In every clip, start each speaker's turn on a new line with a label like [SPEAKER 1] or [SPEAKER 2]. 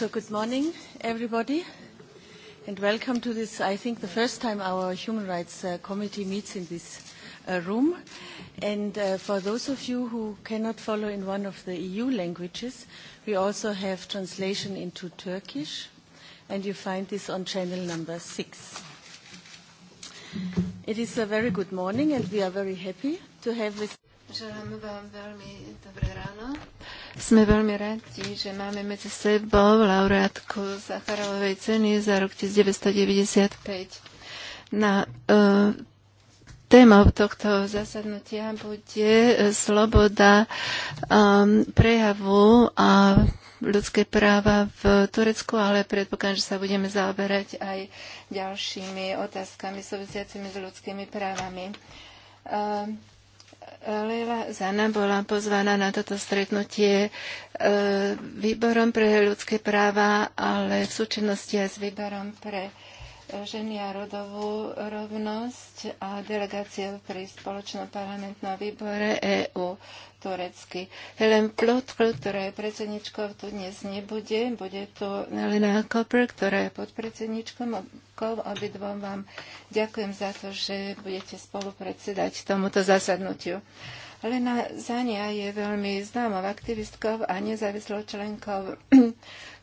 [SPEAKER 1] So good morning, everybody, and welcome to this, I think, the first time our Human Rights uh, Committee meets in this uh, room. And uh, for those of you who cannot follow in one of the EU languages, we also have translation into Turkish, and you find this on channel number six. It is a very good morning, and we are very happy to have with Želám vám veľmi dobré ráno. Sme veľmi radi, že máme medzi sebou laureátku Zacharovej ceny za rok 1995. Na uh, Témou tohto zasadnutia bude e, sloboda um, prejavu a ľudské práva v Turecku, ale predpokladám, že sa budeme zaoberať aj ďalšími otázkami súvisiacimi s ľudskými právami. Uh, Leila Zana bola pozvaná na toto stretnutie e, výborom pre ľudské práva, ale v súčinnosti aj s výborom pre ženy a rodovú rovnosť a delegácia pri spoločnom parlamentnom výbore EU turecky. Helen Plotko, ktorá je predsedničkou, tu dnes nebude. Bude tu Elena Koper, ktorá je podpredsedničkou. Obidvom vám ďakujem za to, že budete spolupredsedať tomuto zasadnutiu. Lena Zania je veľmi známou aktivistkou a nezávislou členkou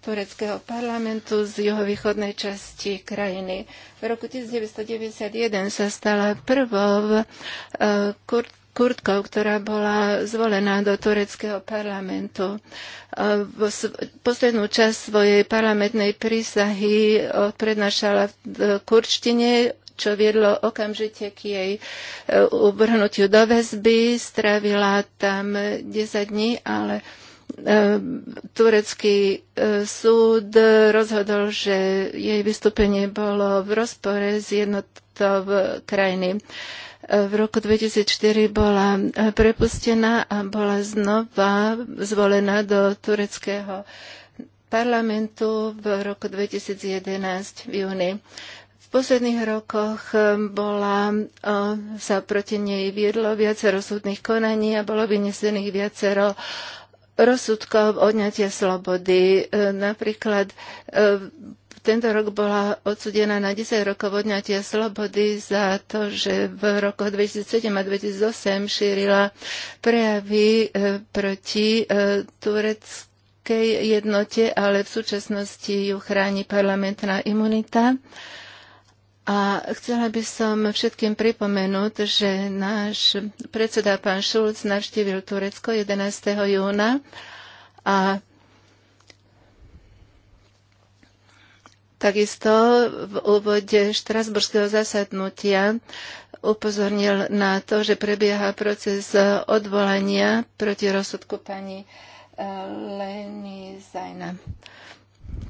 [SPEAKER 1] tureckého parlamentu z juhovýchodnej časti krajiny. V roku 1991 sa stala prvou e, kurd Kurtkou, ktorá bola zvolená do tureckého parlamentu. E, poslednú časť svojej parlamentnej prísahy e, prednášala v kurčtine, čo viedlo okamžite k jej uvrhnutiu do väzby. Strávila tam 10 dní, ale E, turecký e, súd rozhodol, že jej vystúpenie bolo v rozpore s jednotou krajiny. E, v roku 2004 bola prepustená a bola znova zvolená do tureckého parlamentu v roku 2011 v júni. V posledných rokoch bola, sa proti nej viedlo viacero súdnych konaní a bolo vynesených viacero rozsudkov odňatia slobody. E, napríklad e, tento rok bola odsudená na 10 rokov odňatia slobody za to, že v rokoch 2007 a 2008 šírila prejavy e, proti tureckej jednote, ale v súčasnosti ju chráni parlamentná imunita. A chcela by som všetkým pripomenúť, že náš predseda pán Šulc navštívil Turecko 11. júna a takisto v úvode štrasburského zasadnutia upozornil na to, že prebieha proces odvolania proti rozsudku pani eh, Leni Zajna.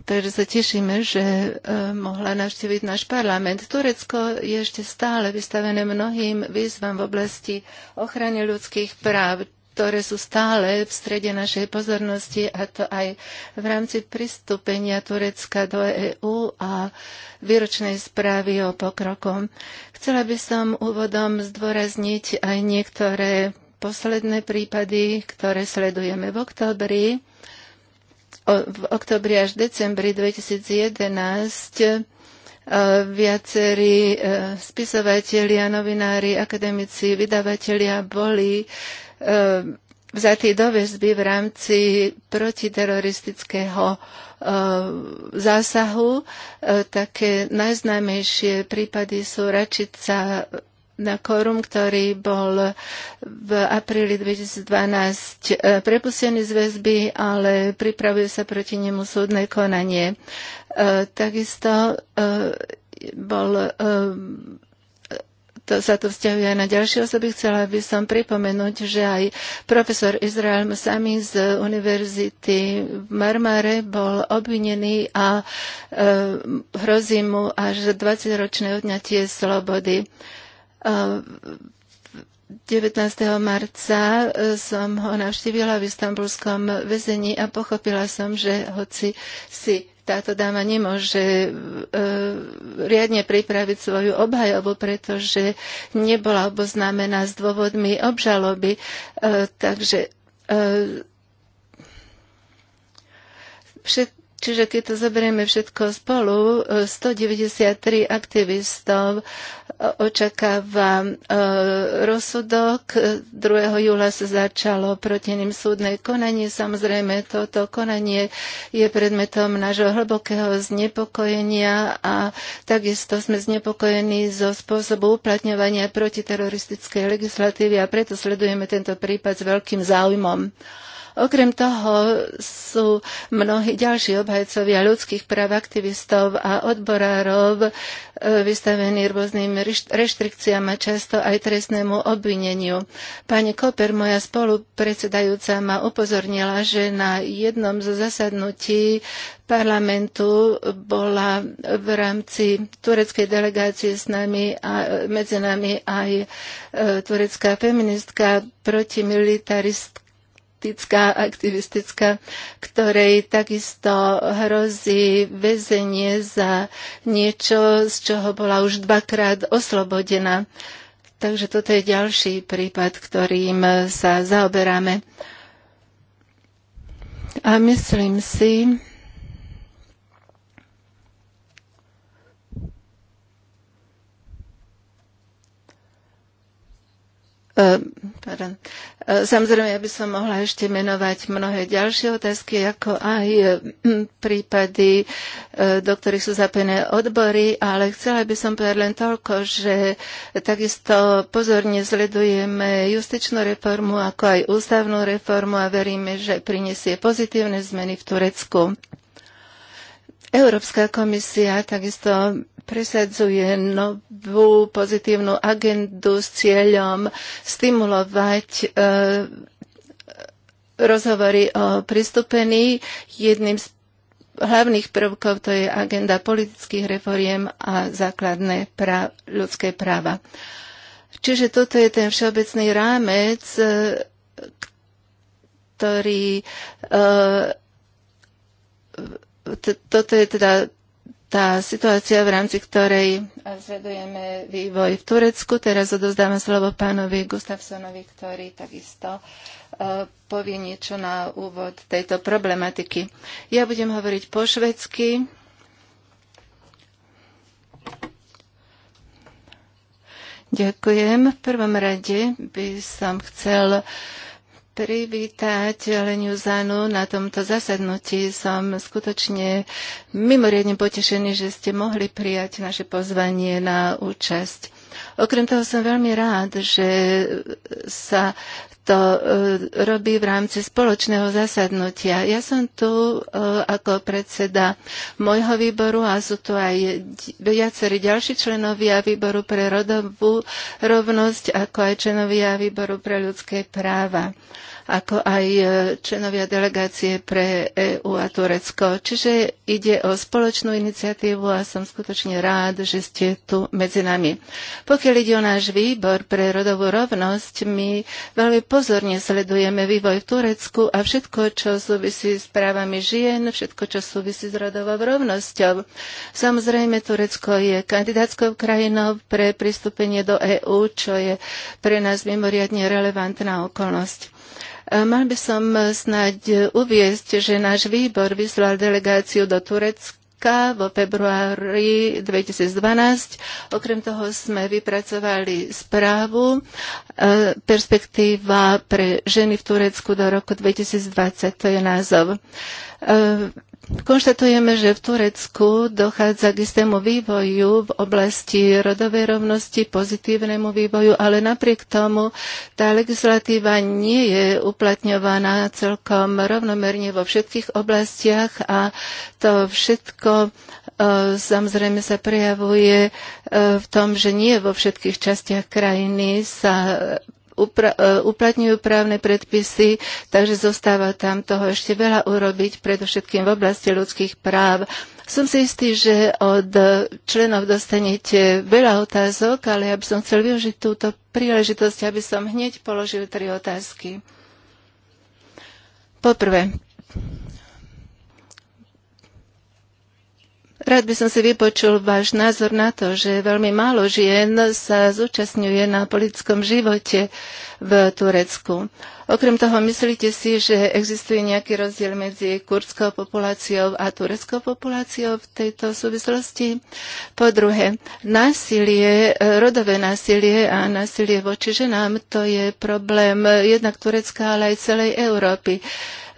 [SPEAKER 1] Takže sa tešíme, že e, mohla navštíviť náš parlament. Turecko je ešte stále vystavené mnohým výzvam v oblasti ochrany ľudských práv ktoré sú stále v strede našej pozornosti, a to aj v rámci pristúpenia Turecka do EÚ a výročnej správy o pokroku. Chcela by som úvodom zdôrazniť aj niektoré posledné prípady, ktoré sledujeme v oktobri v oktobri až decembri 2011 e, viacerí e, spisovatelia, novinári, akademici, vydavatelia boli e, vzatí do väzby v rámci protiteroristického zásahu. Také najznámejšie prípady sú Račica na Korum, ktorý bol v apríli 2012 e, prepustený z väzby, ale pripravuje sa proti nemu súdne konanie. E, takisto e, bol to sa to vzťahuje aj na ďalšie osoby. Chcela by som pripomenúť, že aj profesor Izrael Musami z Univerzity v Marmare bol obvinený a e, hrozí mu až 20-ročné odňatie slobody. E, 19. Ehm, marca e, som ho navštívila v istambulskom väzení a pochopila som, že hoci si táto dáma nemôže e, riadne pripraviť svoju obhajobu, pretože nebola oboznámená s dôvodmi obžaloby. E, takže e, všet, Čiže keď to zoberieme všetko spolu, 193 e, aktivistov e, očakáva e, rozsudok. 2. júla sa začalo proti ním súdne konanie. Samozrejme, toto konanie je predmetom nášho hlbokého znepokojenia a takisto sme znepokojení zo spôsobu uplatňovania protiteroristickej legislatívy a preto sledujeme tento prípad s veľkým záujmom. Okrem toho sú mnohí ďalší obhajcovia ľudských práv, aktivistov a odborárov e, vystavení rôznym reštrikciám a často aj trestnému obvineniu. Pani Koper, moja spolupredsedajúca, ma upozornila, že na jednom zo zasadnutí parlamentu bola v rámci tureckej delegácie s nami a medzi nami aj e, turecká feministka protimilitaristka politická aktivistická, ktorej takisto hrozí väzenie za niečo, z čoho bola už dvakrát oslobodená. Takže toto je ďalší prípad, ktorým sa zaoberáme. A myslím si, E, pardon. E, samozrejme, ja by som mohla ešte menovať mnohé ďalšie otázky, ako aj e, prípady, do ktorých sú zapojené odbory, ale chcela by som povedať len toľko, že takisto pozorne sledujeme justičnú reformu, ako aj ústavnú reformu a veríme, že prinesie pozitívne zmeny v Turecku. Európska komisia takisto presadzuje novú pozitívnu agendu s cieľom stimulovať e, rozhovory o pristúpení. Jedným z hlavných prvkov to je agenda politických reforiem a základné prá- ľudské práva. Čiže toto je ten všeobecný rámec, e, ktorý e, toto je teda tá situácia, v rámci ktorej sledujeme vývoj v Turecku. Teraz odozdáme slovo pánovi Gustafsonovi, ktorý takisto e, povie niečo na úvod tejto problematiky. Ja budem hovoriť po švedsky. Ďakujem. V prvom rade by som chcel uh, privítať Leniu Zanu na tomto zasadnutí. Som skutočne mimoriadne potešený, že ste mohli prijať naše pozvanie na účasť. Okrem toho som veľmi rád, že sa to e, robí v rámci spoločného zasadnutia. Ja som tu e, ako predseda môjho výboru a sú tu aj viacerí ďalší členovia výboru pre rodovú rovnosť, ako aj členovia výboru pre ľudské práva ako aj e, členovia delegácie pre EU a Turecko. Čiže ide o spoločnú iniciatívu a som skutočne rád, že ste tu medzi nami. Pokiaľ ide o náš výbor pre rodovú rovnosť, my veľmi pozorne sledujeme vývoj v Turecku a všetko, čo súvisí s právami žien, všetko, čo súvisí s rodovou rovnosťou. Samozrejme, Turecko je kandidátskou krajinou pre pristúpenie do EÚ, čo je pre nás mimoriadne relevantná okolnosť. E, mal by som e, snáď e, uviesť, že náš výbor vyslal delegáciu do Turecka vo februári 2012. Okrem toho sme vypracovali správu Perspektíva pre ženy v Turecku do roku 2020. To je názov. Konštatujeme, že v Turecku dochádza k istému vývoju v oblasti rodovej rovnosti, pozitívnemu vývoju, ale napriek tomu tá legislatíva nie je uplatňovaná celkom rovnomerne vo všetkých oblastiach a to všetko e, samozrejme sa prejavuje e, v tom, že nie vo všetkých častiach krajiny sa upra- e, uplatňujú právne predpisy, takže zostáva tam toho ešte veľa urobiť, predovšetkým v oblasti ľudských práv. Som si istý, že od členov dostanete veľa otázok, ale ja by som chcel využiť túto príležitosť, aby som hneď položil tri otázky. Poprvé, Rád by som si vypočul váš názor na to, že veľmi málo žien sa zúčastňuje na politickom živote v Turecku. Okrem toho, myslíte si, že existuje nejaký rozdiel medzi kurdskou populáciou a tureckou populáciou v tejto súvislosti? Po druhé, násilie, rodové násilie a násilie voči ženám, to je problém jednak Turecka, ale aj celej Európy.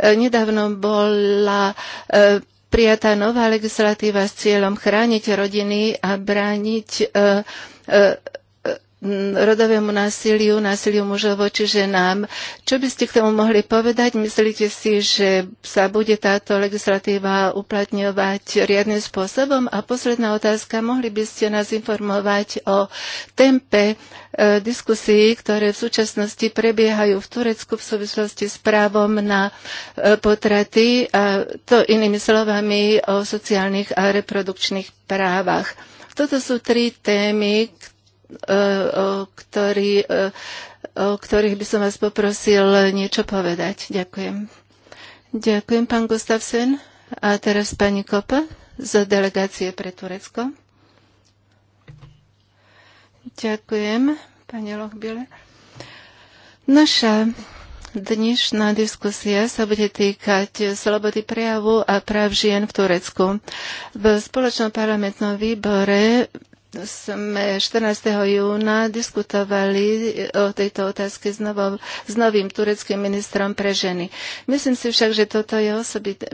[SPEAKER 1] Nedávno bola eh, prijatá nová legislatíva s cieľom chrániť rodiny a brániť e, e, Mm, rodovému násiliu, násiliu mužov voči ženám. Čo by ste k tomu mohli povedať? Myslíte si, že sa bude táto legislatíva uplatňovať riadnym spôsobom? A posledná otázka, mohli by ste nás informovať o tempe e, diskusí, ktoré v súčasnosti prebiehajú v Turecku v súvislosti s právom na e, potraty, a to inými slovami o sociálnych a reprodukčných právach. Toto sú tri témy, ktoré E, ktorý, e, o ktorých by som vás poprosil niečo povedať. Ďakujem. Ďakujem, pán Gustavsen. A teraz pani Kopa z delegácie pre Turecko. Ďakujem, pani Lochbile. Naša Dnešná diskusia sa bude týkať slobody prejavu a práv žien v Turecku. V spoločnom parlamentnom výbore sme 14. júna diskutovali eh, o tejto otázke s, s novým tureckým ministrom pre ženy. Myslím si však, že toto je osobitý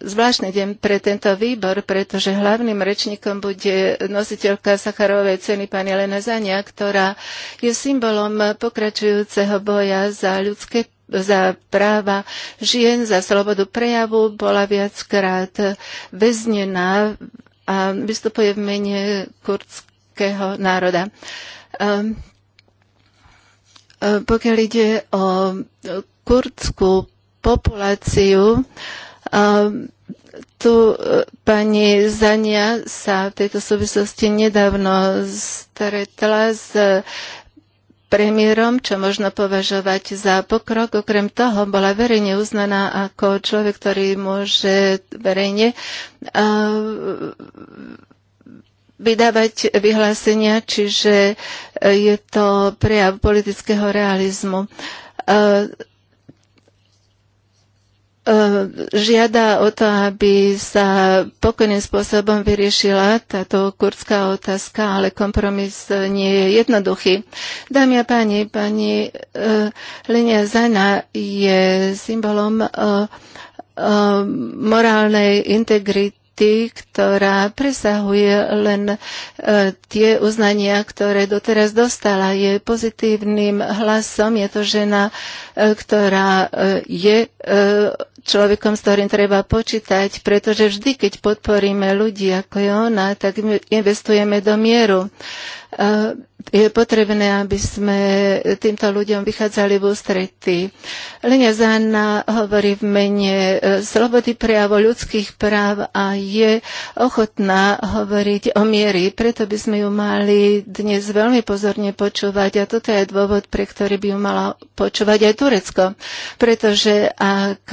[SPEAKER 1] zvláštny deň pre tento výbor, pretože hlavným rečníkom bude nositeľka Sacharovej ceny pani Elena Zania, ktorá je symbolom pokračujúceho boja za ľudské za práva žien, za slobodu prejavu, bola viackrát väznená a vystupuje v mene kurdského národa. Ehm, e, pokiaľ ide o kurdskú populáciu, ehm, tu e, pani Zania sa v tejto súvislosti nedávno stretla s premiérom, čo možno považovať za pokrok. Okrem toho bola verejne uznaná ako človek, ktorý môže verejne eh, vydávať vyhlásenia, čiže je to prejav politického realizmu. Eh, Eh, žiada o to, aby sa pokojným spôsobom vyriešila táto kurdská otázka, ale kompromis eh, nie je jednoduchý. Dámy a páni, pani eh, Lenia Zana je symbolom morálnej integrity ktorá presahuje len e, tie uznania, ktoré doteraz dostala. Je pozitívnym hlasom, je to žena, e, ktorá e, je človekom, s ktorým treba počítať, pretože vždy, keď podporíme ľudí ako je ona, tak investujeme do mieru. Je potrebné, aby sme týmto ľuďom vychádzali v ústrety. Lenia Zána hovorí v mene e, slobody prejavu ľudských práv a je ochotná hovoriť o miery. Preto by sme ju mali dnes veľmi pozorne počúvať a toto je dôvod, pre ktorý by ju mala počúvať aj Turecko. Pretože ak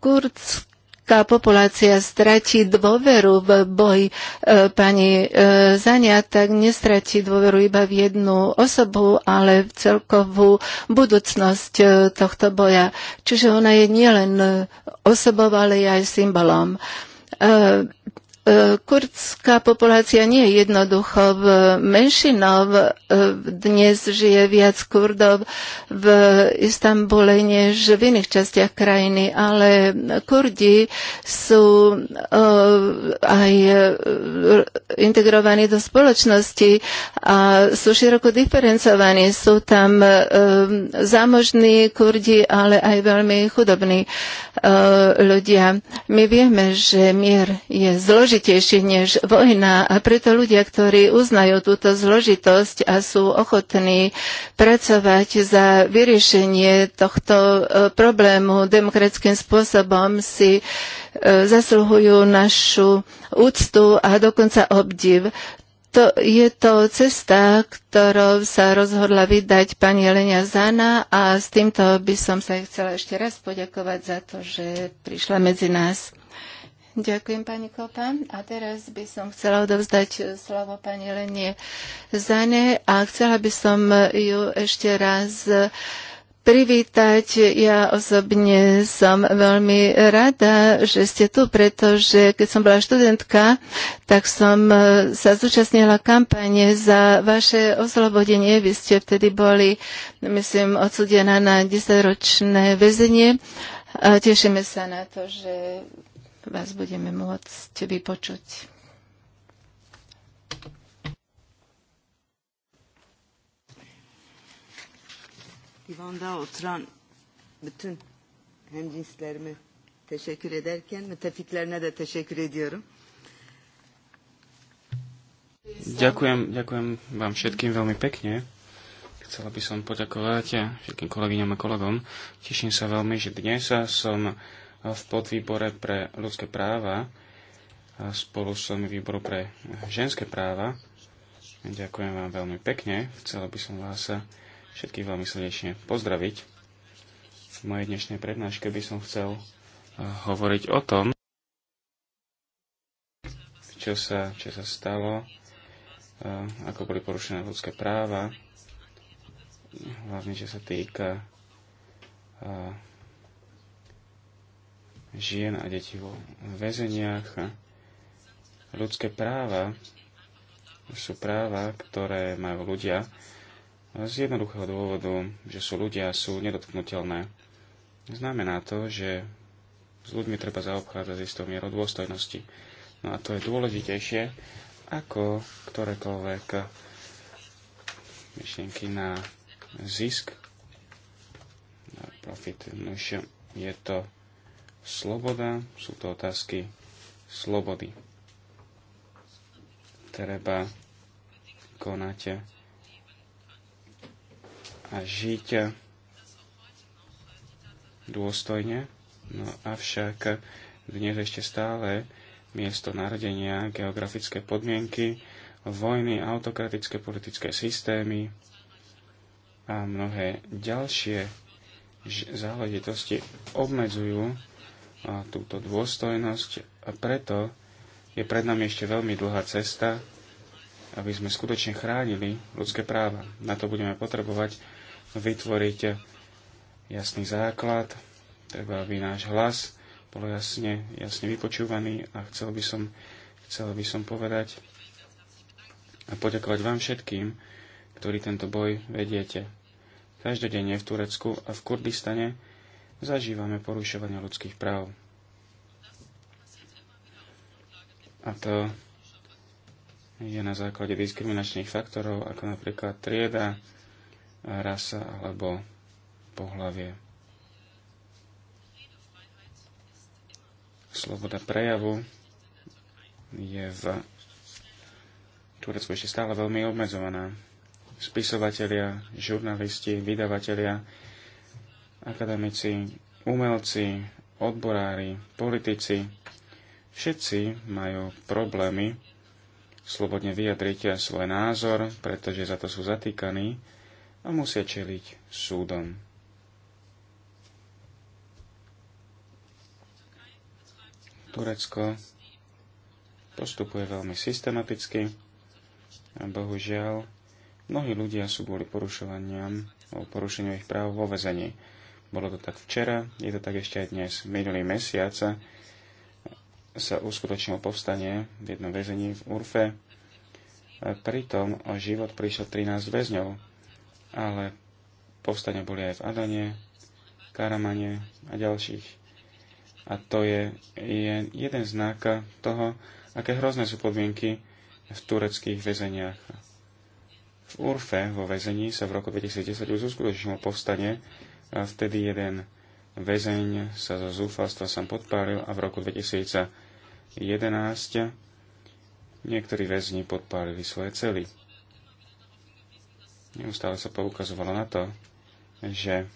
[SPEAKER 1] kurdská populácia stratí dôveru v boj e, pani e, Zania, tak nestratí dôveru iba v jednu osobu, ale v celkovú budúcnosť e, tohto boja. Čiže ona je nielen osobou, ale aj symbolom. E, E, kurdská populácia nie je jednoducho v menšinov. E, dnes žije viac Kurdov v Istambule než v iných častiach krajiny, ale Kurdi sú e, aj integrovaní do spoločnosti a sú široko diferencovaní. Sú tam zámožní Kurdi, ale aj veľmi chudobní ľudia. My vieme, že mier je zložitý zložitejší než vojna a preto ľudia, ktorí uznajú túto zložitosť a sú ochotní pracovať za vyriešenie tohto e, problému demokratickým spôsobom, si e, zasluhujú našu úctu a dokonca obdiv. To, je to cesta, ktorou sa rozhodla vydať pani Elenia Zana a s týmto by som sa chcela ešte raz poďakovať za to, že prišla medzi nás. Ďakujem, pani Kopa. A teraz by som chcela odovzdať slovo pani Lenie Zane a chcela by som ju ešte raz privítať. Ja osobne som veľmi rada, že ste tu, pretože keď som bola študentka, tak som sa zúčastnila kampane za vaše oslobodenie. Vy ste vtedy boli, myslím, odsudená na 10-ročné väzenie. Tešíme sa na to, že vás budeme môcť vypočuť. divanda oturan bütün hemcinslerime teşekkür ederken müttefiklerine de teşekkür ediyorum.
[SPEAKER 2] Ďakujem, ďakujem vám všetkým veľmi pekne. Chcela by som poďakovať všetkým kolegyňam a kolegom. Teším sa veľmi, že dnes som v podvýbore pre ľudské práva spolu s členmi výboru pre ženské práva. Ďakujem vám veľmi pekne. chcel by som vás všetkých veľmi srdečne pozdraviť. V mojej dnešnej prednáške by som chcel hovoriť o tom, čo sa, čo sa stalo, ako boli porušené ľudské práva, hlavne čo sa týka žien a detí vo väzeniach. Ľudské práva sú práva, ktoré majú ľudia z jednoduchého dôvodu, že sú ľudia, a sú nedotknutelné. Znamená to, že s ľuďmi treba zaobchádzať s istou mierou dôstojnosti. No a to je dôležitejšie ako ktorékoľvek myšlienky na zisk, na profit. No je to sloboda, sú to otázky slobody. Treba konať a žiť dôstojne, no avšak dnes ešte stále miesto narodenia, geografické podmienky, vojny, autokratické politické systémy a mnohé ďalšie záležitosti obmedzujú a túto dôstojnosť a preto je pred nami ešte veľmi dlhá cesta, aby sme skutočne chránili ľudské práva. Na to budeme potrebovať vytvoriť jasný základ, treba, aby náš hlas bol jasne, jasne vypočúvaný a chcel by som, chcel by som povedať a poďakovať vám všetkým, ktorí tento boj vediete. Každodenne v Turecku a v Kurdistane zažívame porušovania ľudských práv. A to je na základe diskriminačných faktorov, ako napríklad trieda, rasa alebo pohlavie. Sloboda prejavu je v Turecku ešte stále veľmi obmedzovaná. Spisovatelia, žurnalisti, vydavatelia akademici, umelci, odborári, politici, všetci majú problémy slobodne vyjadriť svoj názor, pretože za to sú zatýkaní a musia čeliť súdom. Turecko postupuje veľmi systematicky a bohužiaľ mnohí ľudia sú kvôli porušovaniam o porušeniu ich práv vo vezení. Bolo to tak včera, je to tak ešte aj dnes. Minulý mesiac sa uskutočnilo povstanie v jednom väzení v Urfe. Pritom o život prišlo 13 väzňov, ale povstania boli aj v Adane, Karamane a ďalších. A to je, je jeden znak toho, aké hrozné sú podmienky v tureckých väzeniach. V Urfe vo väzení sa v roku 2010 už uskutočnilo povstanie a vtedy jeden väzeň sa zo zúfalstva sám podpálil a v roku 2011 niektorí väzni podpálili svoje cely. Neustále sa poukazovalo na to, že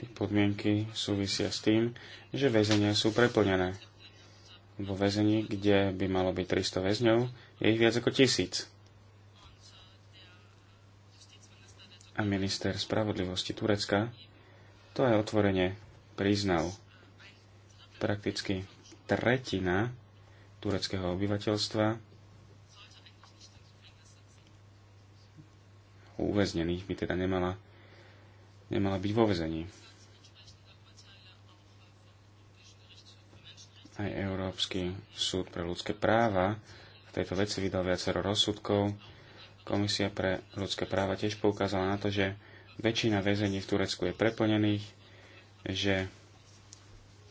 [SPEAKER 2] tie podmienky súvisia s tým, že väzenia sú preplnené. Vo väzení, kde by malo byť 300 väzňov, je ich viac ako tisíc. a minister spravodlivosti Turecka to aj otvorene priznal. Prakticky tretina tureckého obyvateľstva uväznených by teda nemala, nemala byť vo vezení. Aj Európsky súd pre ľudské práva v tejto veci vydal viacero rozsudkov, Komisia pre ľudské práva tiež poukázala na to, že väčšina väzení v Turecku je preplnených, že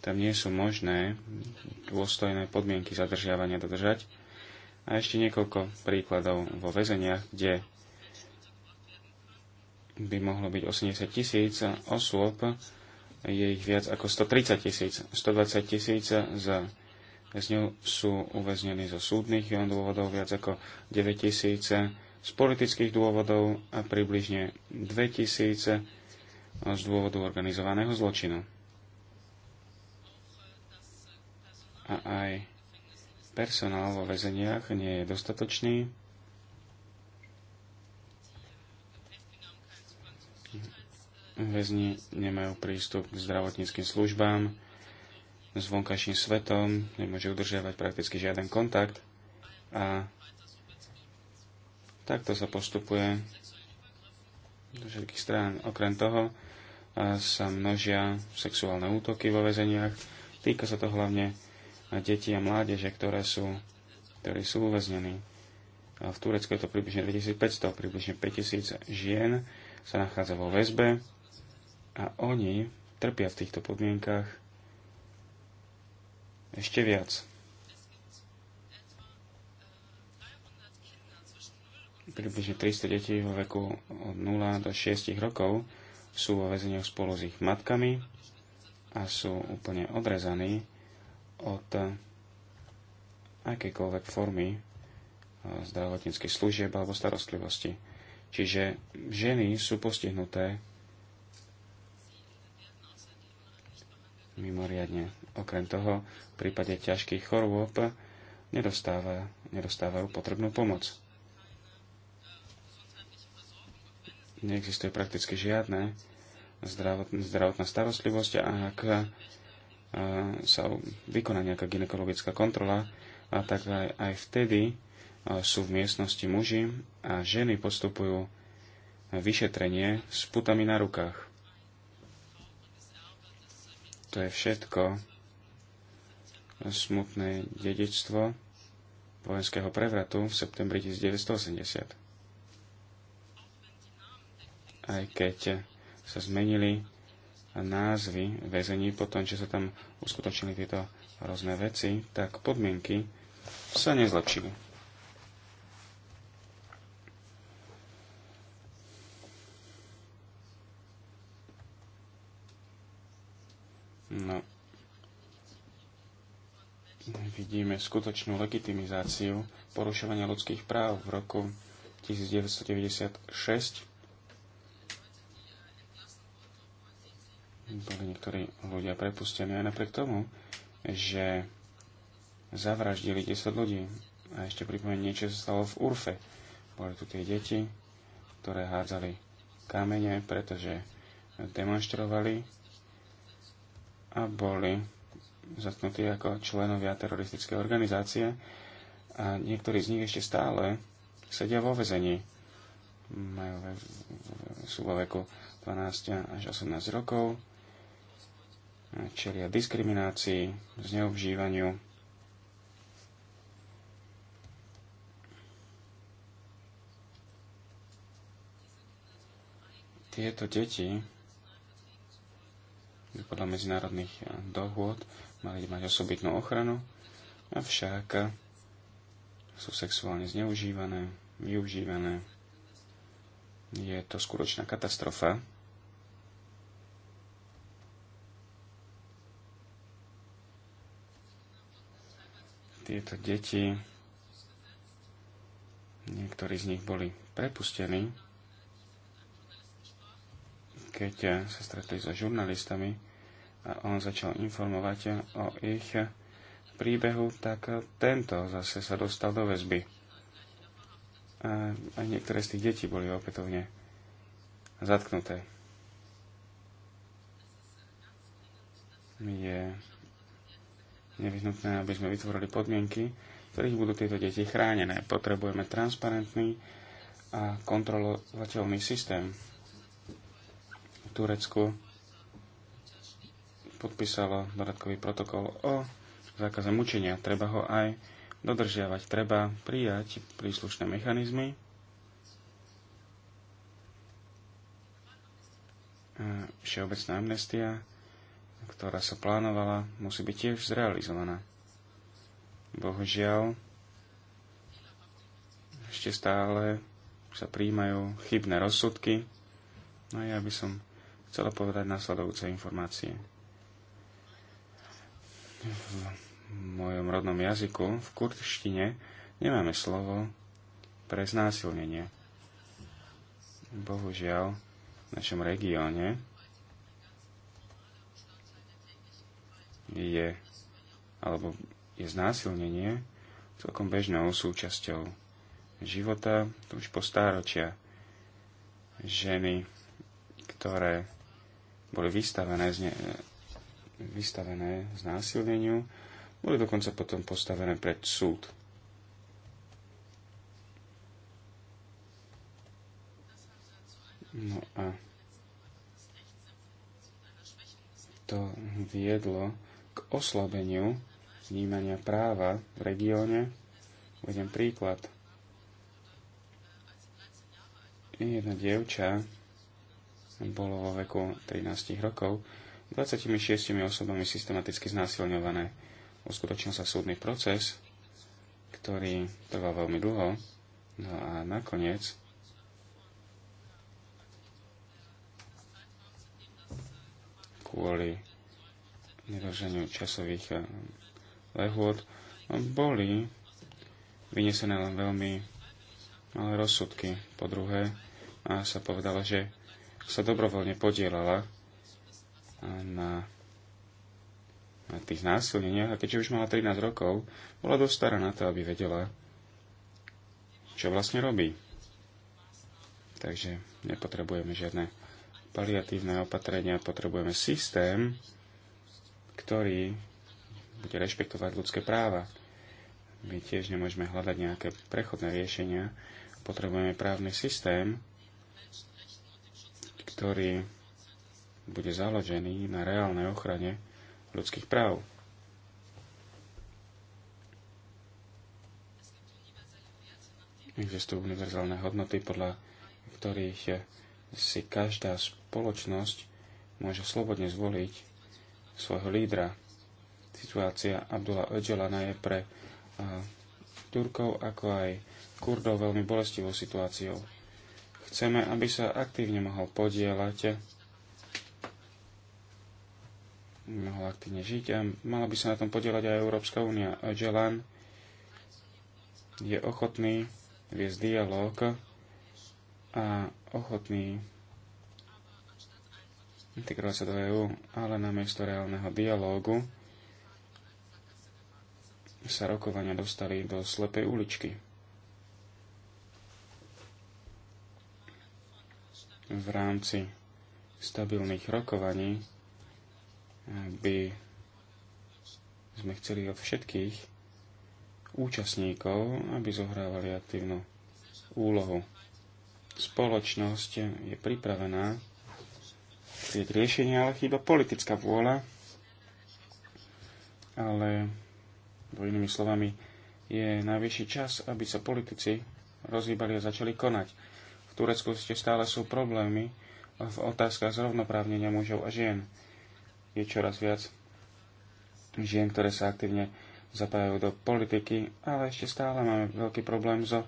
[SPEAKER 2] tam nie sú možné dôstojné podmienky zadržiavania dodržať. A ešte niekoľko príkladov vo väzeniach, kde by mohlo byť 80 tisíc osôb, je ich viac ako 130 tisíc. 120 tisíc z, väzňov sú uväznení zo súdnych dôvodov, viac ako 9 tisíc z politických dôvodov a približne 2000 z dôvodu organizovaného zločinu. A aj personál vo väzeniach nie je dostatočný. Väzni nemajú prístup k zdravotníckým službám, s vonkajším svetom, nemôže udržiavať prakticky žiaden kontakt a Takto sa postupuje do všetkých strán. Okrem toho sa množia sexuálne útoky vo väzeniach. Týka sa to hlavne detí a mládeže, ktoré sú, ktorí sú uväznení. V Turecku je to približne 2500, približne 5000 žien sa nachádza vo väzbe a oni trpia v týchto podmienkach ešte viac. približne 300 detí vo veku od 0 do 6 rokov sú vo väzeniach spolu s ich matkami a sú úplne odrezaní od akékoľvek formy e, zdravotníckých služieb alebo starostlivosti. Čiže ženy sú postihnuté mimoriadne. Okrem toho, v prípade ťažkých chorôb nedostáva, nedostávajú potrebnú pomoc. neexistuje prakticky žiadne zdravotná, starostlivosť a ak e, sa vykoná nejaká ginekologická kontrola, a tak aj, aj vtedy e, sú v miestnosti muži a ženy postupujú vyšetrenie s putami na rukách. To je všetko smutné dedičstvo vojenského prevratu v septembri 1980 aj keď sa zmenili názvy väzení po tom, čo sa tam uskutočnili tieto rôzne veci, tak podmienky sa nezlepšili. No, vidíme skutočnú legitimizáciu porušovania ľudských práv v roku 1996 boli niektorí ľudia prepustení aj napriek tomu, že zavraždili 10 ľudí. A ešte pripomeniem niečo, sa stalo v Urfe. Boli tu tie deti, ktoré hádzali kamene, pretože demonstrovali a boli zatknutí ako členovia teroristické organizácie a niektorí z nich ešte stále sedia vo vezení. Majú ve, sú vo veku 12 až 18 rokov čelia diskriminácii, zneužívaniu. Tieto deti by podľa medzinárodných eh, dohôd mali mať osobitnú ochranu, avšak sú sexuálne zneužívané, využívané. Je to skutočná katastrofa. tieto deti, niektorí z nich boli prepustení, keď sa stretli so žurnalistami a on začal informovať o ich príbehu, tak tento zase sa dostal do väzby. A aj niektoré z tých detí boli opätovne zatknuté. Je nevyhnutné, aby sme vytvorili podmienky, v ktorých budú tieto deti chránené. Potrebujeme transparentný a kontrolovateľný systém. V Turecku podpísalo dodatkový protokol o zákaze mučenia. Treba ho aj dodržiavať. Treba prijať príslušné mechanizmy. Všeobecná amnestia ktorá sa plánovala, musí byť tiež zrealizovaná. Bohužiaľ, ešte stále sa príjmajú chybné rozsudky. No a ja by som chcela povedať následujúce informácie. V mojom rodnom jazyku, v kurdštine, nemáme slovo pre znásilnenie. Bohužiaľ, v našom regióne je, alebo je znásilnenie celkom bežnou súčasťou života, to už po stáročia. Ženy, ktoré boli vystavené, zne, vystavené znásilneniu, boli dokonca potom postavené pred súd. No a to viedlo k oslabeniu vnímania práva v regióne. Uvedem príklad. Jedna dievča bolo vo veku 13 rokov 26 osobami systematicky znásilňované. Uskutočnil sa súdny proces, ktorý trval veľmi dlho. No a nakoniec kvôli nedoženiu časových eh, lehôd boli vynesené len veľmi malé rozsudky. Po druhé a sa povedala, že sa dobrovoľne podielala na, na tých násilneniach a keďže už mala 13 rokov, bola dosť stará na to, aby vedela, čo vlastne robí. Takže nepotrebujeme žiadne paliatívne opatrenia, potrebujeme systém, ktorý bude rešpektovať ľudské práva. My tiež nemôžeme hľadať nejaké prechodné riešenia. Potrebujeme právny systém, ktorý bude založený na reálnej ochrane ľudských práv. Existujú univerzálne hodnoty, podľa ktorých si každá spoločnosť môže slobodne zvoliť svojho lídra. Situácia Abdullah Öcalana je pre Turkov ako aj Kurdov veľmi bolestivou situáciou. Chceme, aby sa aktívne mohol podielať, mohol aktívne žiť a mala by sa na tom podielať aj Európska únia. Öcalan je ochotný viesť dialog a ochotný integrovať sa do EÚ, ale namiesto reálneho dialógu sa rokovania dostali do slepej uličky. V rámci stabilných rokovaní by sme chceli od všetkých účastníkov, aby zohrávali aktívnu úlohu. Spoločnosť je pripravená prieť riešenia, ale chýba politická vôľa. Ale, inými slovami, je najvyšší čas, aby sa politici rozhýbali a začali konať. V Turecku ste stále sú problémy v otázkach zrovnoprávnenia mužov a žien. Je čoraz viac žien, ktoré sa aktívne zapájajú do politiky, ale ešte stále máme veľký problém so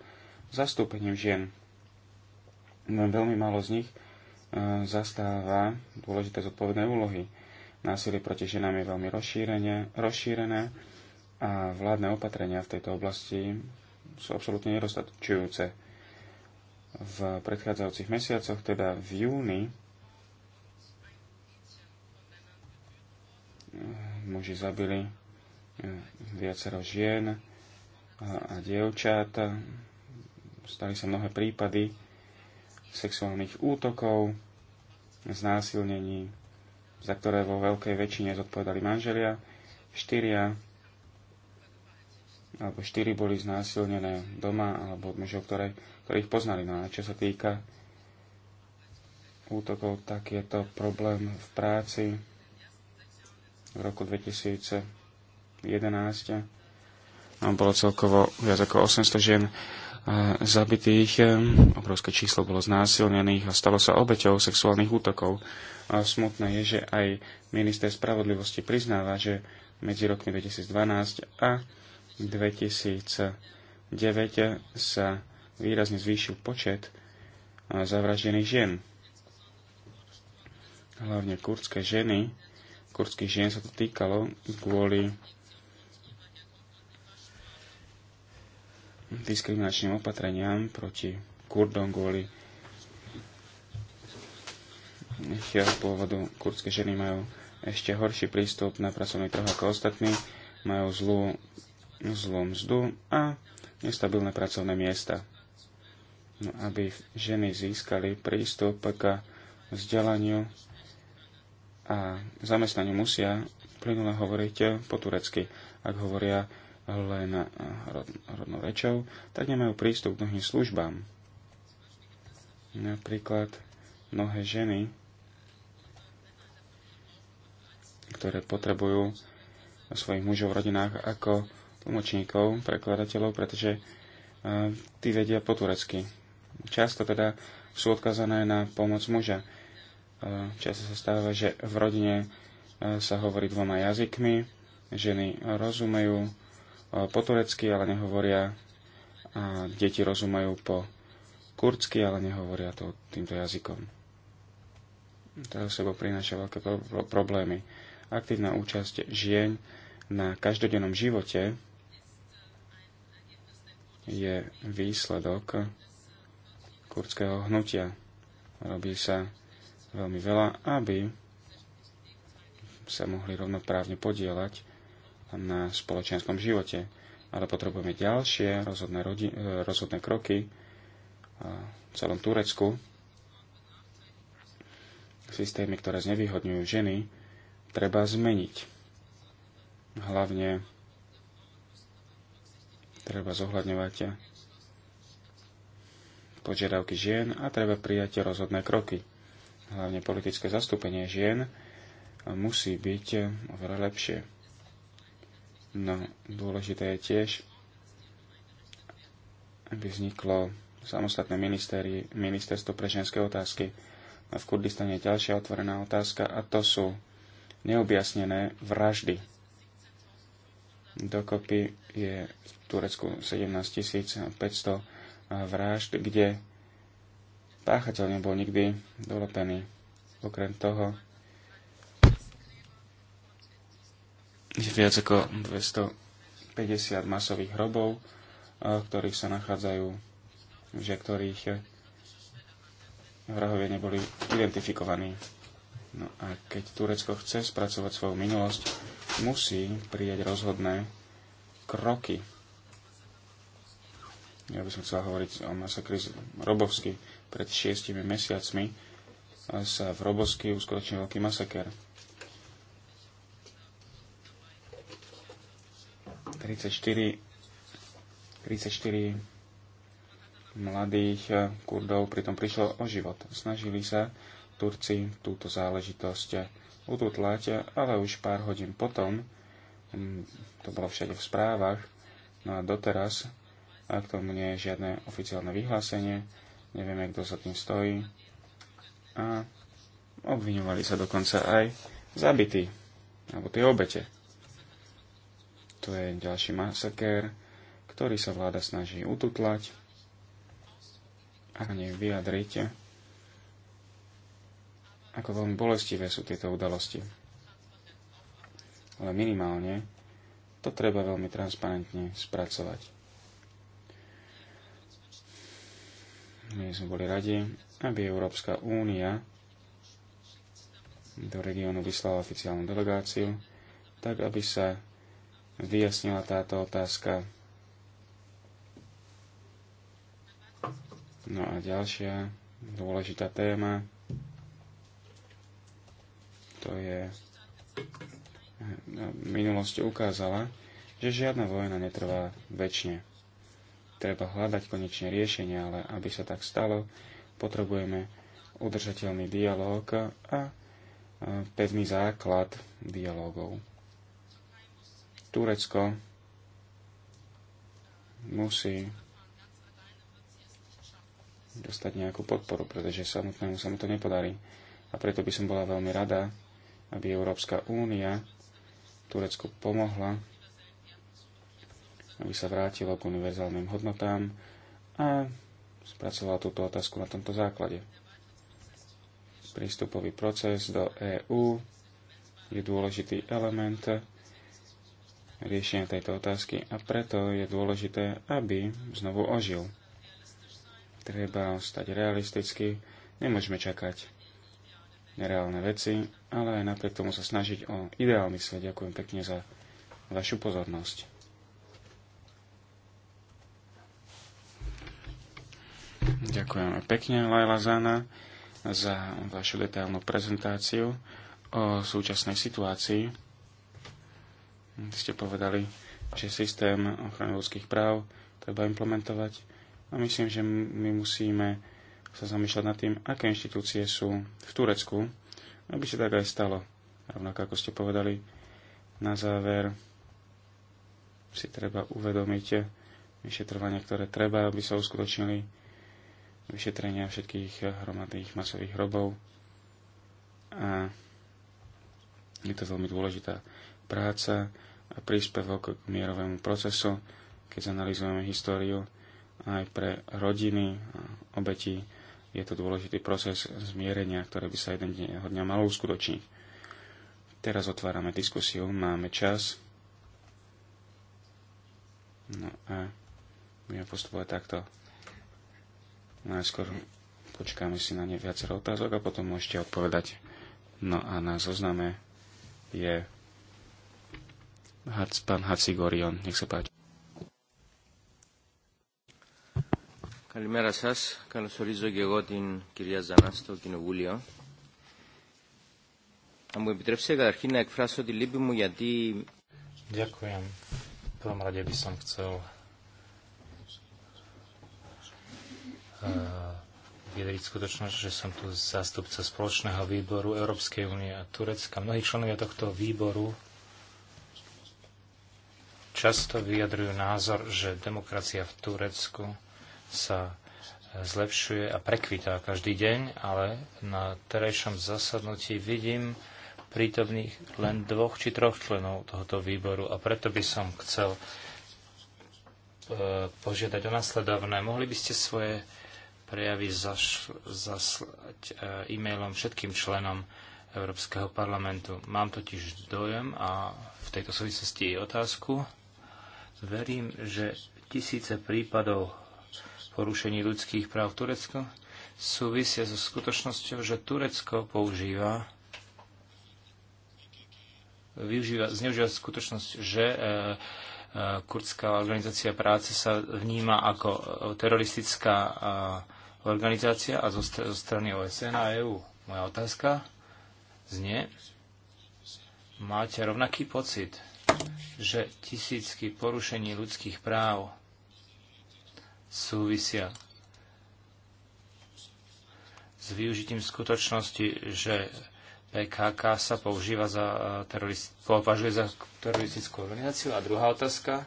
[SPEAKER 2] zastúpením žien. Len veľmi málo z nich E, zastáva dôležité zodpovedné úlohy. Násilie proti ženám je veľmi rozšírené, rozšírené a vládne opatrenia v tejto oblasti sú absolútne nedostačujúce. V predchádzajúcich mesiacoch, teda v júni, muži zabili e, viacero žien a dievčat. Stali sa mnohé prípady sexuálnych útokov, znásilnení, za ktoré vo veľkej väčšine zodpovedali manželia. Štyria alebo štyri boli znásilnené doma alebo od mužov, ktoré, ktorých poznali. No a čo sa týka útokov, tak je to problém v práci v roku 2011. Tam bolo celkovo viac ako 800 žien zabitých, e, obrovské číslo bolo znásilnených a stalo sa obeťou sexuálnych útokov. A smutné je, že aj minister spravodlivosti priznáva, že medzi rokmi 2012 a 2009 sa výrazne zvýšil počet e, zavraždených žien. Hlavne kurdské ženy, kurdských žien sa to týkalo kvôli diskriminačným opatreniam proti Kurdom kvôli ich pôvodu. Kurdské ženy majú ešte horší prístup na pracovný trh ako ostatní, majú zlú, zlú mzdu a nestabilné pracovné miesta. No, aby ženy získali prístup k vzdelaniu a zamestnaniu musia plynule hovoriť po turecky. Ak hovoria len rodnou rečou, tak nemajú prístup k mnohým službám. Napríklad mnohé ženy, ktoré potrebujú svojich mužov v rodinách ako tlmočníkov, prekladateľov, pretože tí vedia po turecky. Často teda sú odkazané na pomoc muža. Často sa stáva, že v rodine sa hovorí dvoma jazykmi, ženy rozumejú E, po turecky, ale nehovoria. A deti rozumajú po kurdsky, ale nehovoria to týmto jazykom. To za sebou prináša veľké pro- pro- problémy. Aktívna účasť žien na každodennom živote je výsledok kurdského hnutia. Robí sa veľmi veľa, aby sa mohli rovnoprávne podielať na spoločenskom živote. Ale potrebujeme ďalšie rozhodné, rodi- e, rozhodné kroky v celom Turecku. Systémy, ktoré znevýhodňujú ženy, treba zmeniť. Hlavne treba zohľadňovať požiadavky žien a treba prijať rozhodné kroky. Hlavne politické zastúpenie žien musí byť oveľa lepšie. No, dôležité je tiež, aby vzniklo samostatné ministerstvo pre ženské otázky. A v Kurdistane je ďalšia otvorená otázka a to sú neobjasnené vraždy. Dokopy je v Turecku 17 500 vražd, kde páchateľ nebol nikdy dolepený. Okrem toho je viac ako 250 masových hrobov, v eh, ktorých sa nachádzajú, že ktorých eh, vrahovia neboli identifikovaní. No a keď Turecko chce spracovať svoju minulosť, musí prijať rozhodné kroky. Ja by som chcel hovoriť o masakri z Robovsky. Pred šiestimi mesiacmi eh, sa v Robovsky uskutočnil veľký masaker 34, 34 mladých eh, Kurdov pritom prišlo o život. Snažili sa Turci túto záležitosť eh, ututlať, eh, ale už pár hodín potom, mm, to bolo všade v správach, no a doteraz a k tomu nie je žiadne oficiálne vyhlásenie, nevieme, kto za tým stojí. A obviňovali sa dokonca aj zabití, alebo tie obete. To je ďalší masakér, ktorý sa vláda snaží ututlať a nej vyjadriť, ako veľmi bolestivé sú tieto udalosti. Ale minimálne to treba veľmi transparentne spracovať. My sme boli radi, aby Európska únia do regiónu vyslala oficiálnu delegáciu, tak aby sa vyjasnila táto otázka. No a ďalšia dôležitá téma to je no, minulosť ukázala, že žiadna vojna netrvá väčšine. Treba hľadať konečne riešenie, ale aby sa tak stalo, potrebujeme udržateľný dialog a pevný základ dialogov. Turecko musí dostať nejakú podporu, pretože samotnému sa mu to nepodarí. A preto by som bola veľmi rada, aby Európska únia Turecku pomohla, aby sa vrátilo k univerzálnym hodnotám a spracovala túto otázku na tomto základe. Prístupový proces do EÚ je dôležitý element riešenia tejto otázky a preto je dôležité, aby znovu ožil. Treba stať realisticky, nemôžeme čakať nereálne veci, ale aj napriek tomu sa snažiť o ideálny svet. Ďakujem pekne za vašu pozornosť. Ďakujem pekne, Laila Zana, za vašu detailnú prezentáciu o súčasnej situácii ste povedali, že systém ochrany ľudských práv treba implementovať a myslím, že my musíme sa zamýšľať nad tým, aké inštitúcie sú v Turecku, aby sa tak aj stalo. Rovnako ako ste povedali, na záver si treba uvedomiť vyšetrovania, ktoré treba, aby sa uskutočnili vyšetrenia všetkých hromadných masových hrobov. A je to veľmi dôležitá práca a príspevok k mierovému procesu, keď zanalizujeme históriu aj pre rodiny a obeti, je to dôležitý proces zmierenia, ktoré by sa jeden deň, dňa malo uskutočniť. Teraz otvárame diskusiu, máme čas. No a budeme postupovať takto. Najskôr počkáme si na ne viacero otázok a potom môžete odpovedať. No a na zozname je pán Hatzigorion, nech sa páči.
[SPEAKER 3] Καλημέρα σας. Καλωσορίζω και εγώ την κυρία Ζανά στο Κοινοβούλιο. Αν μου επιτρέψετε καταρχήν να εκφράσω τη λύπη μου γιατί... Ďakujem. V prvom rade by som chcel eh, vyjadriť skutočnosť, že som tu zástupca spoločného výboru Európskej únie a Turecka. Mnohí členovia tohto výboru často vyjadrujú názor, že demokracia v Turecku sa e, zlepšuje a prekvitá každý deň, ale na terajšom zasadnutí vidím prítomných len dvoch či troch členov tohoto výboru a preto by som chcel e, požiadať o nasledovné. Mohli by ste svoje prejavy zašl- zaslať e, e-mailom všetkým členom Európskeho parlamentu. Mám totiž dojem a v tejto súvislosti je otázku, Verím, že tisíce prípadov porušení ľudských práv v Turecku súvisia so skutočnosťou, že Turecko používa využíva, zneužíva skutočnosť, že e, e kurdská organizácia práce sa vníma ako teroristická e, organizácia a zo, zo strany OSN a EÚ. Moja otázka znie, máte rovnaký pocit, že tisícky porušení ľudských práv súvisia s využitím skutočnosti, že PKK sa používa za eh, považuje za teroristickú organizáciu. A druhá otázka,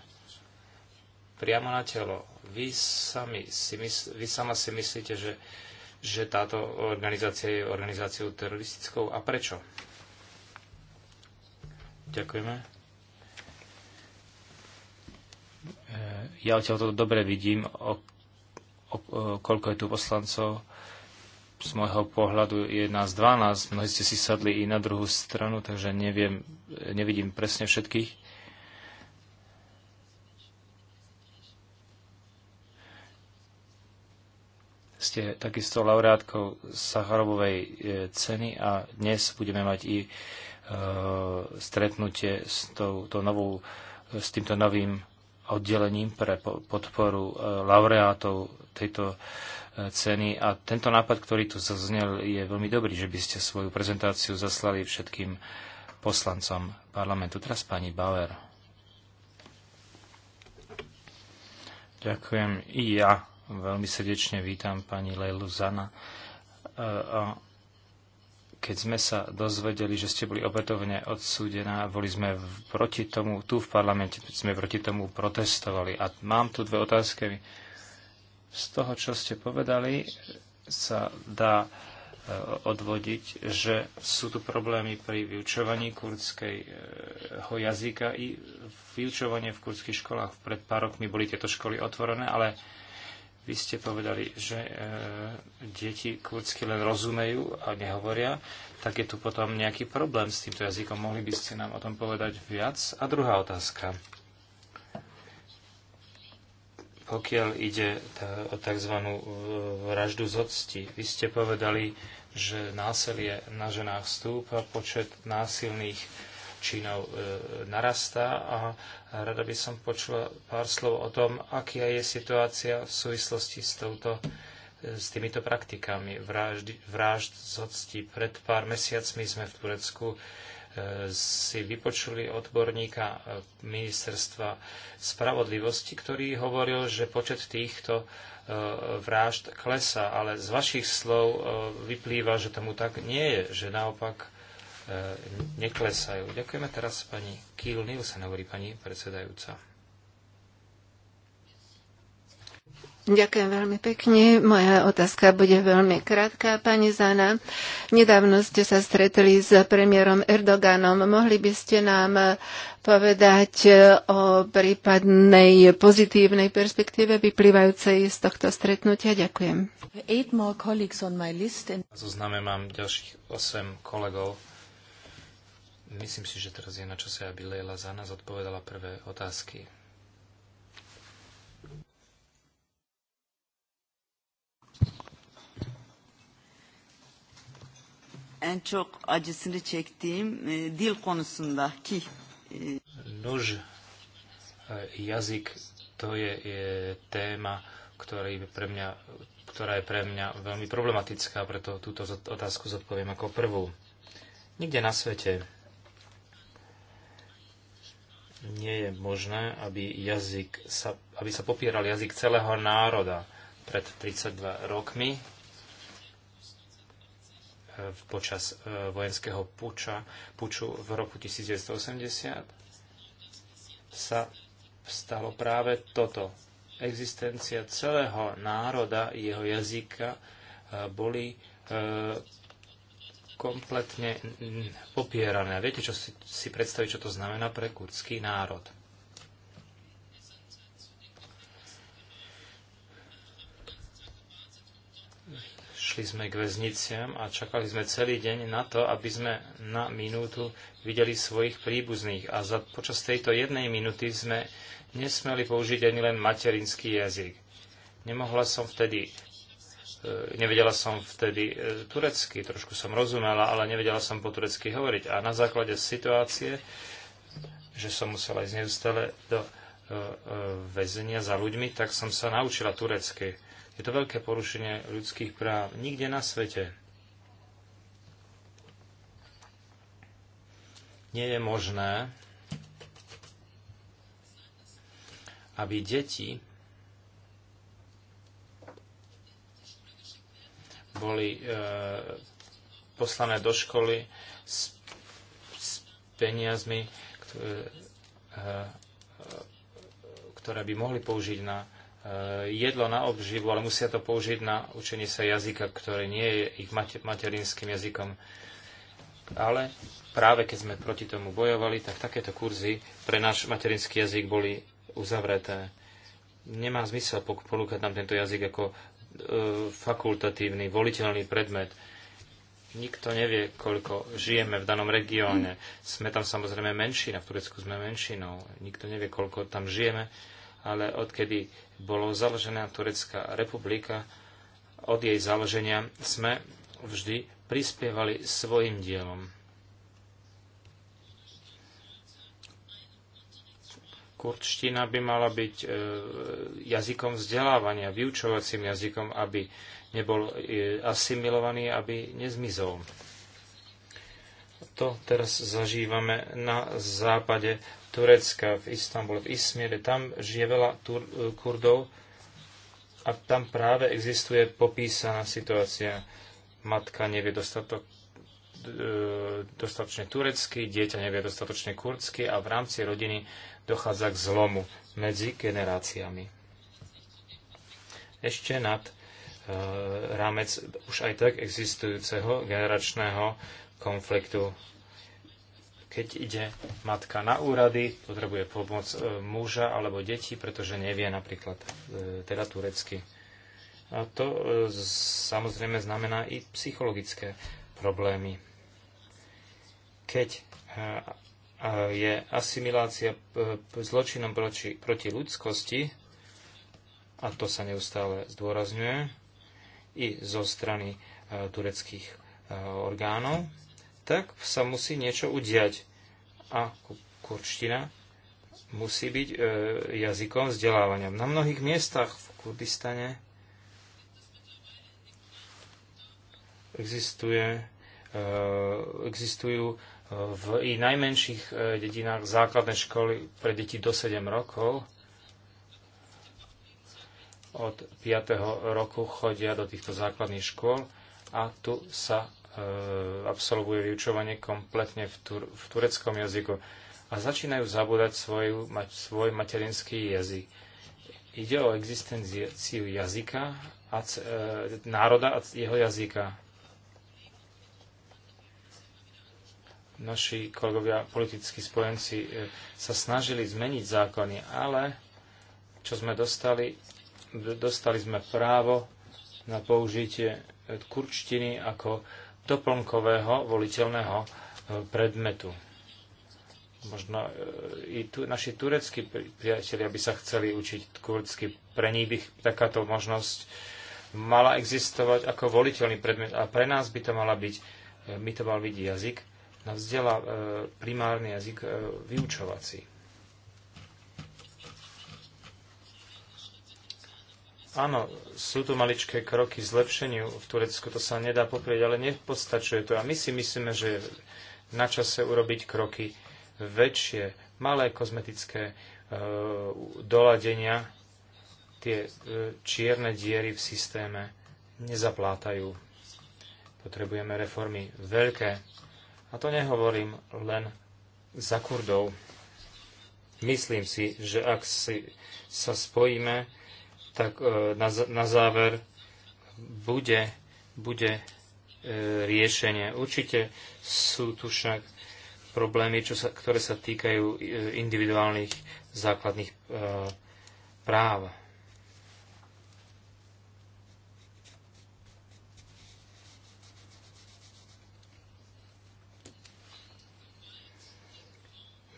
[SPEAKER 3] priamo na telo. Vy, sami si mysl, vy sama si myslíte, že, že táto organizácia je organizáciou teroristickou a prečo? Ďakujeme. E, ja od to dobre vidím, o, o, koľko je tu poslancov. Z môjho pohľadu je nás 12, mnohí ste si sadli i na druhú stranu, takže neviem, nevidím presne všetkých. Ste takisto laureátkou Sacharovovej e, ceny a dnes budeme mať i e, stretnutie s, tou, tou novou, s týmto novým oddelením pre podporu e, laureátov tejto e, ceny. A tento nápad, ktorý tu zaznel, je veľmi dobrý, že by ste svoju prezentáciu zaslali všetkým poslancom parlamentu. Teraz pani Bauer. Ďakujem. I ja veľmi srdečne vítam pani Lejlu Zana. E, a keď sme sa dozvedeli, že ste boli opätovne odsúdená, boli sme proti tomu, tu v parlamente sme proti tomu protestovali. A mám tu dve otázky. Z toho, čo ste povedali, sa dá e, odvodiť, že sú tu problémy pri vyučovaní kurdského jazyka i vyučovanie v kurdských školách. Pred pár rokmi boli tieto školy otvorené, ale vy ste povedali, že e, deti kurdsky len rozumejú a nehovoria, tak je tu potom nejaký problém s týmto jazykom. Mohli by ste nám o tom povedať viac? A druhá otázka. Pokiaľ ide o tzv. E, vraždu z octi, vy ste povedali, že násilie na ženách stúpa, počet násilných činov e, narastá a rada by som počula pár slov o tom, aká je situácia v súvislosti s, touto, e, s týmito praktikami vražd, vražd z hoctí. Pred pár mesiacmi sme v Turecku e, si vypočuli odborníka ministerstva spravodlivosti, ktorý hovoril, že počet týchto vražd klesa, ale z vašich slov vyplýva, že tomu tak nie je, že naopak E, neklesajú. Ďakujeme teraz pani Kiel sa hovorí pani predsedajúca.
[SPEAKER 1] Ďakujem veľmi pekne. Moja otázka bude veľmi krátka. Pani Zana, nedávno ste sa stretli s premiérom Erdoganom. Mohli by ste nám povedať o prípadnej pozitívnej perspektíve vyplývajúcej z tohto stretnutia? Ďakujem.
[SPEAKER 3] Zozname mám ďalších 8 kolegov Myslím si, že teraz je na čase, aby Leila za nás odpovedala prvé otázky.
[SPEAKER 1] en çok acısını çektiğim e, dil konusundaki e...
[SPEAKER 3] Nuž, e, jazyk to je, je téma, ktorý pre mňa, ktorá je pre mňa veľmi problematická, preto túto otázku zodpoviem ako prvú. Nikde na svete nie je možné, aby, jazyk sa, aby sa popieral jazyk celého národa pred 32 rokmi e, počas e, vojenského puča, puču v roku 1980 sa stalo práve toto. Existencia celého národa, jeho jazyka e, boli kompletne popierané. Viete, čo si, si predstaviť, čo to znamená pre kurdský národ? Šli sme k väzniciam a čakali sme celý deň na to, aby sme na minútu videli svojich príbuzných. A za, počas tejto jednej minúty sme nesmeli použiť ani len materinský jazyk. Nemohla som vtedy E, nevedela som vtedy e, turecky, trošku som rozumela, ale nevedela som po turecky hovoriť. A na základe situácie, že som musela ísť neustále do e, väzenia za ľuďmi, tak som sa naučila turecky. Je to veľké porušenie ľudských práv. Nikde na svete nie je možné, aby deti boli e, poslané do školy s, s peniazmi, ktoré, e, e, ktoré by mohli použiť na e, jedlo, na obživu, ale musia to použiť na učenie sa jazyka, ktoré nie je ich mate, materinským jazykom. Ale práve keď sme proti tomu bojovali, tak takéto kurzy pre náš materinský jazyk boli uzavreté nemá zmysel ponúkať nám tento jazyk ako E, fakultatívny, voliteľný predmet. Nikto nevie, koľko žijeme v danom regióne. Sme tam samozrejme menšina, v Turecku sme menšinou. Nikto nevie, koľko tam žijeme, ale odkedy bolo založená Turecká republika, od jej založenia sme vždy prispievali svojim dielom. Kurdština by mala byť e, jazykom vzdelávania, vyučovacím jazykom, aby nebol e, asimilovaný, aby nezmizol. To teraz zažívame na západe Turecka, v Istambule, v Ismiere. Tam žije veľa Tur- e, Kurdov a tam práve existuje popísaná situácia. Matka nevie dostatok E, dostatočne turecky, dieťa nevie dostatočne kurdsky a v rámci rodiny dochádza k zlomu medzi generáciami. Ešte nad e, rámec už aj tak existujúceho generačného konfliktu. Keď ide matka na úrady, potrebuje pomoc e, muža alebo detí, pretože nevie napríklad teda turecky. A to samozrejme znamená i psychologické problémy keď e, e, je asimilácia e, zločinom proti, proti ľudskosti, a to sa neustále zdôrazňuje, i zo strany tureckých orgánov, tak sa musí niečo udiať. A kurčtina musí byť jazykom vzdelávania. Na mnohých miestach v Kurdistane existuje, existujú v i najmenších e, dedinách základné školy pre deti do 7 rokov. Od 5. roku chodia do týchto základných škôl a tu sa e, absolvuje vyučovanie kompletne v, tur- v tureckom jazyku a začínajú zabúdať svoj, mať, svoj materinský jazyk. Ide o existenciu jazyka a e, národa a jeho jazyka. naši kolegovia politickí spojenci e, sa snažili zmeniť zákony, ale čo sme dostali, dostali sme právo na použitie e, kurčtiny ako doplnkového voliteľného e, predmetu. Možno i tu, naši tureckí priatelia by sa chceli učiť kurdsky. Pre nich by takáto možnosť mala existovať ako voliteľný predmet a pre nás by to mala byť, by to mal byť jazyk, na vzdiela e, primárny jazyk e, vyučovací. Áno, sú tu maličké kroky zlepšeniu v Turecku, to sa nedá poprieť, ale nepostačuje to. A my si myslíme, že je na čase urobiť kroky väčšie, malé kozmetické e, doladenia. Tie e, čierne diery v systéme nezaplátajú. Potrebujeme reformy veľké a to nehovorím len za Kurdov. Myslím si, že ak si, sa spojíme, tak e, na, na záver bude, bude e, riešenie. Určite sú tu však problémy, čo sa, ktoré sa týkajú e, individuálnych základných práv.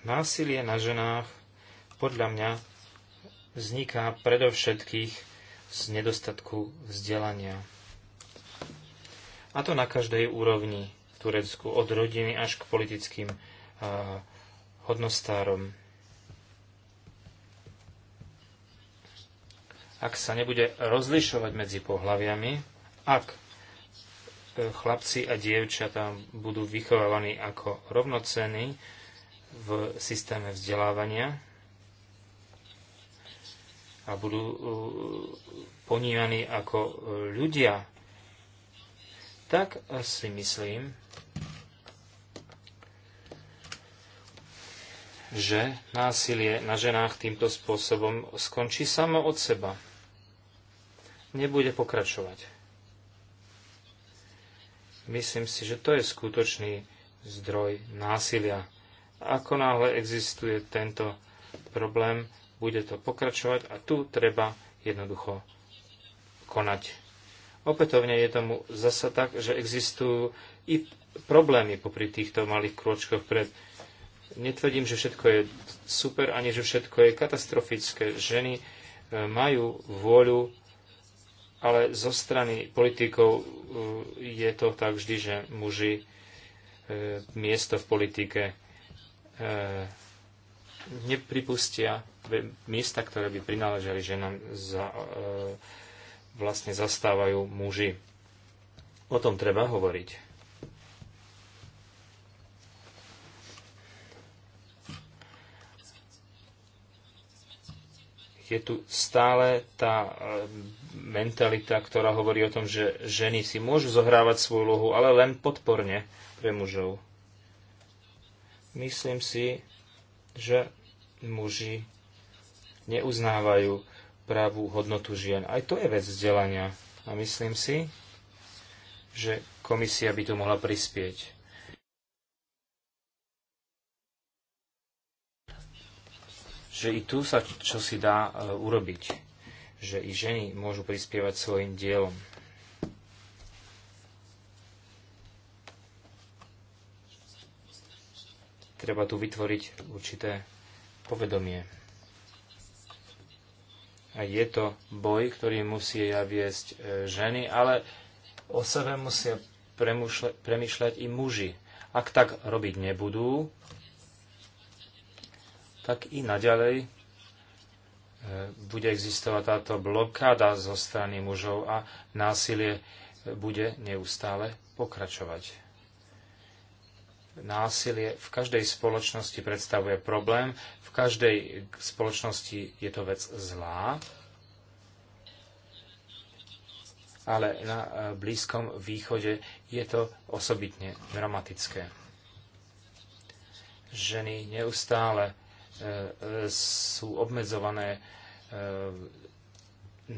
[SPEAKER 3] Násilie na ženách podľa mňa vzniká predovšetkých z nedostatku vzdelania. A to na každej úrovni v Turecku, od rodiny až k politickým a, hodnostárom. Ak sa nebude rozlišovať medzi pohľaviami, ak e, chlapci a dievčatá budú vychovávaní ako rovnocenní, v systéme vzdelávania a budú uh, ponívaní ako uh, ľudia, tak si myslím, že násilie na ženách týmto spôsobom skončí samo od seba. Nebude pokračovať. Myslím si, že to je skutočný zdroj násilia. Ako náhle existuje tento problém, bude to pokračovať a tu treba jednoducho konať. Opätovne je tomu zasa tak, že existujú i problémy popri týchto malých krôčkoch pred. Netvrdím, že všetko je super, ani že všetko je katastrofické. Ženy e, majú vôľu ale zo strany politikov e, je to tak vždy, že muži e, miesto v politike E, nepripustia miesta, ktoré by prináležali ženám, za, e, vlastne zastávajú muži. O tom treba hovoriť. je tu stále tá e, mentalita, ktorá hovorí o tom, že ženy si môžu zohrávať svoju lohu ale len podporne pre mužov. Myslím si, že muži neuznávajú pravú hodnotu žien. Aj to je vec vzdelania. A myslím si, že komisia by to mohla prispieť. Že i tu sa čo si dá e, urobiť. Že i ženy môžu prispievať svojim dielom. Treba tu vytvoriť určité povedomie. A je to boj, ktorý musia viesť e, ženy, ale o sebe musia premýšľať i muži. Ak tak robiť nebudú, tak i naďalej e, bude existovať táto blokáda zo strany mužov a násilie e, bude neustále pokračovať násilie v každej spoločnosti predstavuje problém, v každej spoločnosti je to vec zlá, ale na e, Blízkom východe je to osobitne dramatické. Ženy neustále e, sú obmedzované e,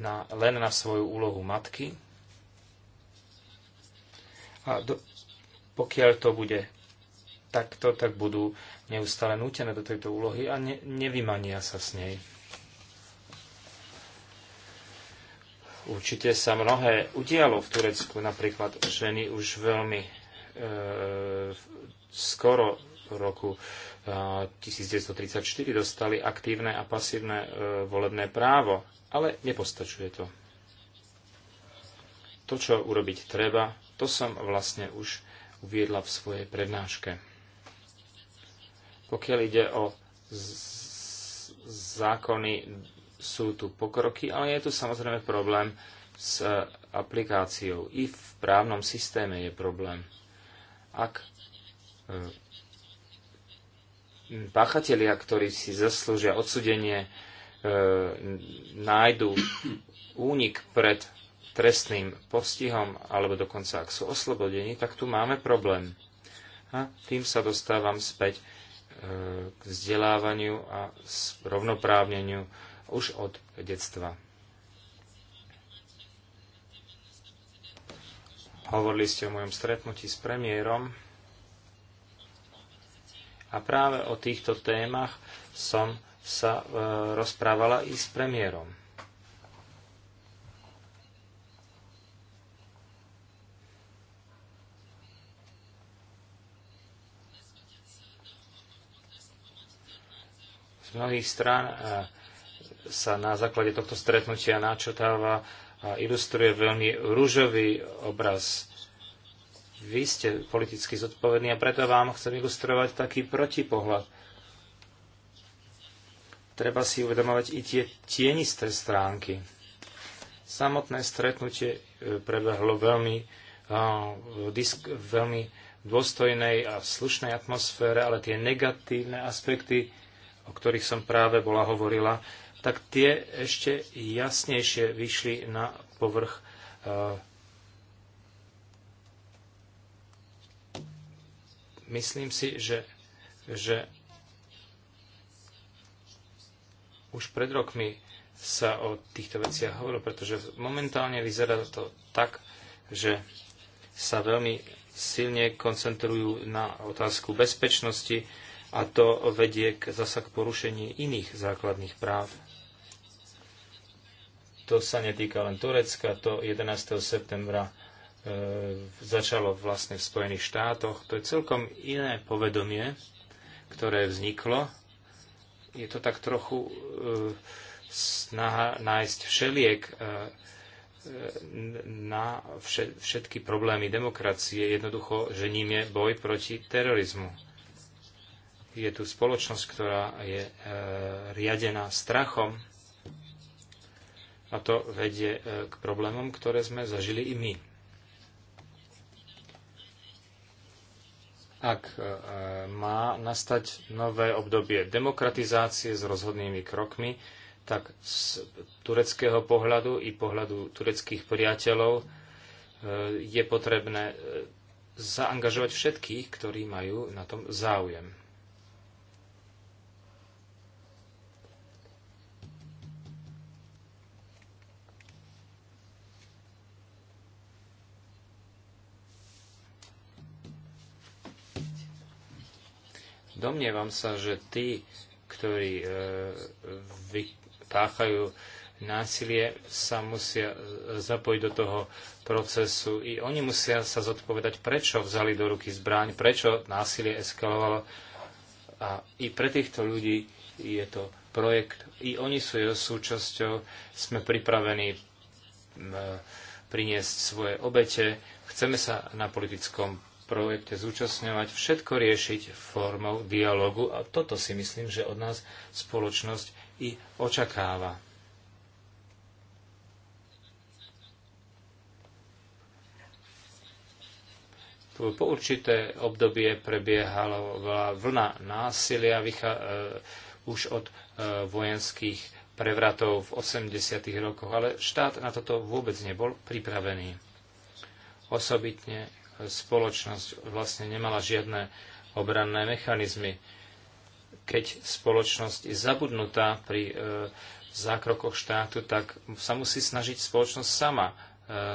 [SPEAKER 3] na, len na svoju úlohu matky. A do, pokiaľ to bude takto, tak budú neustále nútené do tejto úlohy a ne, nevymania sa s nej. Určite sa mnohé udialo v Turecku, napríklad ženy už veľmi e, skoro roku e, 1934 dostali aktívne a pasívne e, volebné právo, ale nepostačuje to. To, čo urobiť treba, to som vlastne už uviedla v svojej prednáške. Pokiaľ ide o zákony, sú tu pokroky, ale je tu samozrejme problém s e, aplikáciou. I v právnom systéme je problém. Ak e, páchatelia, ktorí si zaslúžia odsudenie, e, nájdu únik pred trestným postihom, alebo dokonca ak sú oslobodení, tak tu máme problém. A tým sa dostávam späť k vzdelávaniu a rovnoprávneniu už od detstva. Hovorili ste o mojom stretnutí s premiérom a práve o týchto témach som sa e, rozprávala i s premiérom. mnohých strán e, sa na základe tohto stretnutia načotáva a ilustruje veľmi rúžový obraz. Vy ste politicky zodpovední a preto vám chcem ilustrovať taký protipohľad. Treba si uvedomovať i tie tienisté stránky. Samotné stretnutie e, prebehlo veľmi, e, veľmi dôstojnej a slušnej atmosfére, ale tie negatívne aspekty o ktorých som práve bola hovorila, tak tie ešte jasnejšie vyšli na povrch eh, myslím si, že, že už pred rokmi sa o týchto veciach hovorilo, pretože momentálne vyzerá to tak, že sa veľmi silne koncentrujú na otázku bezpečnosti, a to vedie k zasa k porušení iných základných práv. To sa netýka len Turecka, to 11. septembra e, začalo vlastne v Spojených štátoch. To je celkom iné povedomie, ktoré vzniklo. Je to tak trochu e, snaha nájsť všeliek e, e na všetky problémy demokracie. Jednoducho, že ním je boj proti terorizmu je tu spoločnosť, ktorá je e, riadená strachom a to vedie e, k problémom, ktoré sme zažili i my. Ak e, má nastať nové obdobie demokratizácie s rozhodnými krokmi, tak z tureckého pohľadu i pohľadu tureckých priateľov e, je potrebné e, zaangažovať všetkých, ktorí majú na tom záujem. Domnievam sa, že tí, ktorí e, vypáchajú násilie, sa musia e, zapojiť do toho procesu. I oni musia sa zodpovedať, prečo vzali do ruky zbraň, prečo násilie eskalovalo. A i pre týchto ľudí je to projekt, i oni sú jeho súčasťou. Sme pripravení e, priniesť svoje obete. Chceme sa na politickom projekte zúčastňovať, všetko riešiť formou dialogu a toto si myslím, že od nás spoločnosť i očakáva. Po určité obdobie prebiehala vlna násilia vychá, e, už od e, vojenských prevratov v 80. rokoch, ale štát na toto vôbec nebol pripravený. Osobitne spoločnosť vlastne nemala žiadne obranné mechanizmy. Keď spoločnosť je zabudnutá pri e, zákrokoch štátu, tak sa musí snažiť spoločnosť sama e,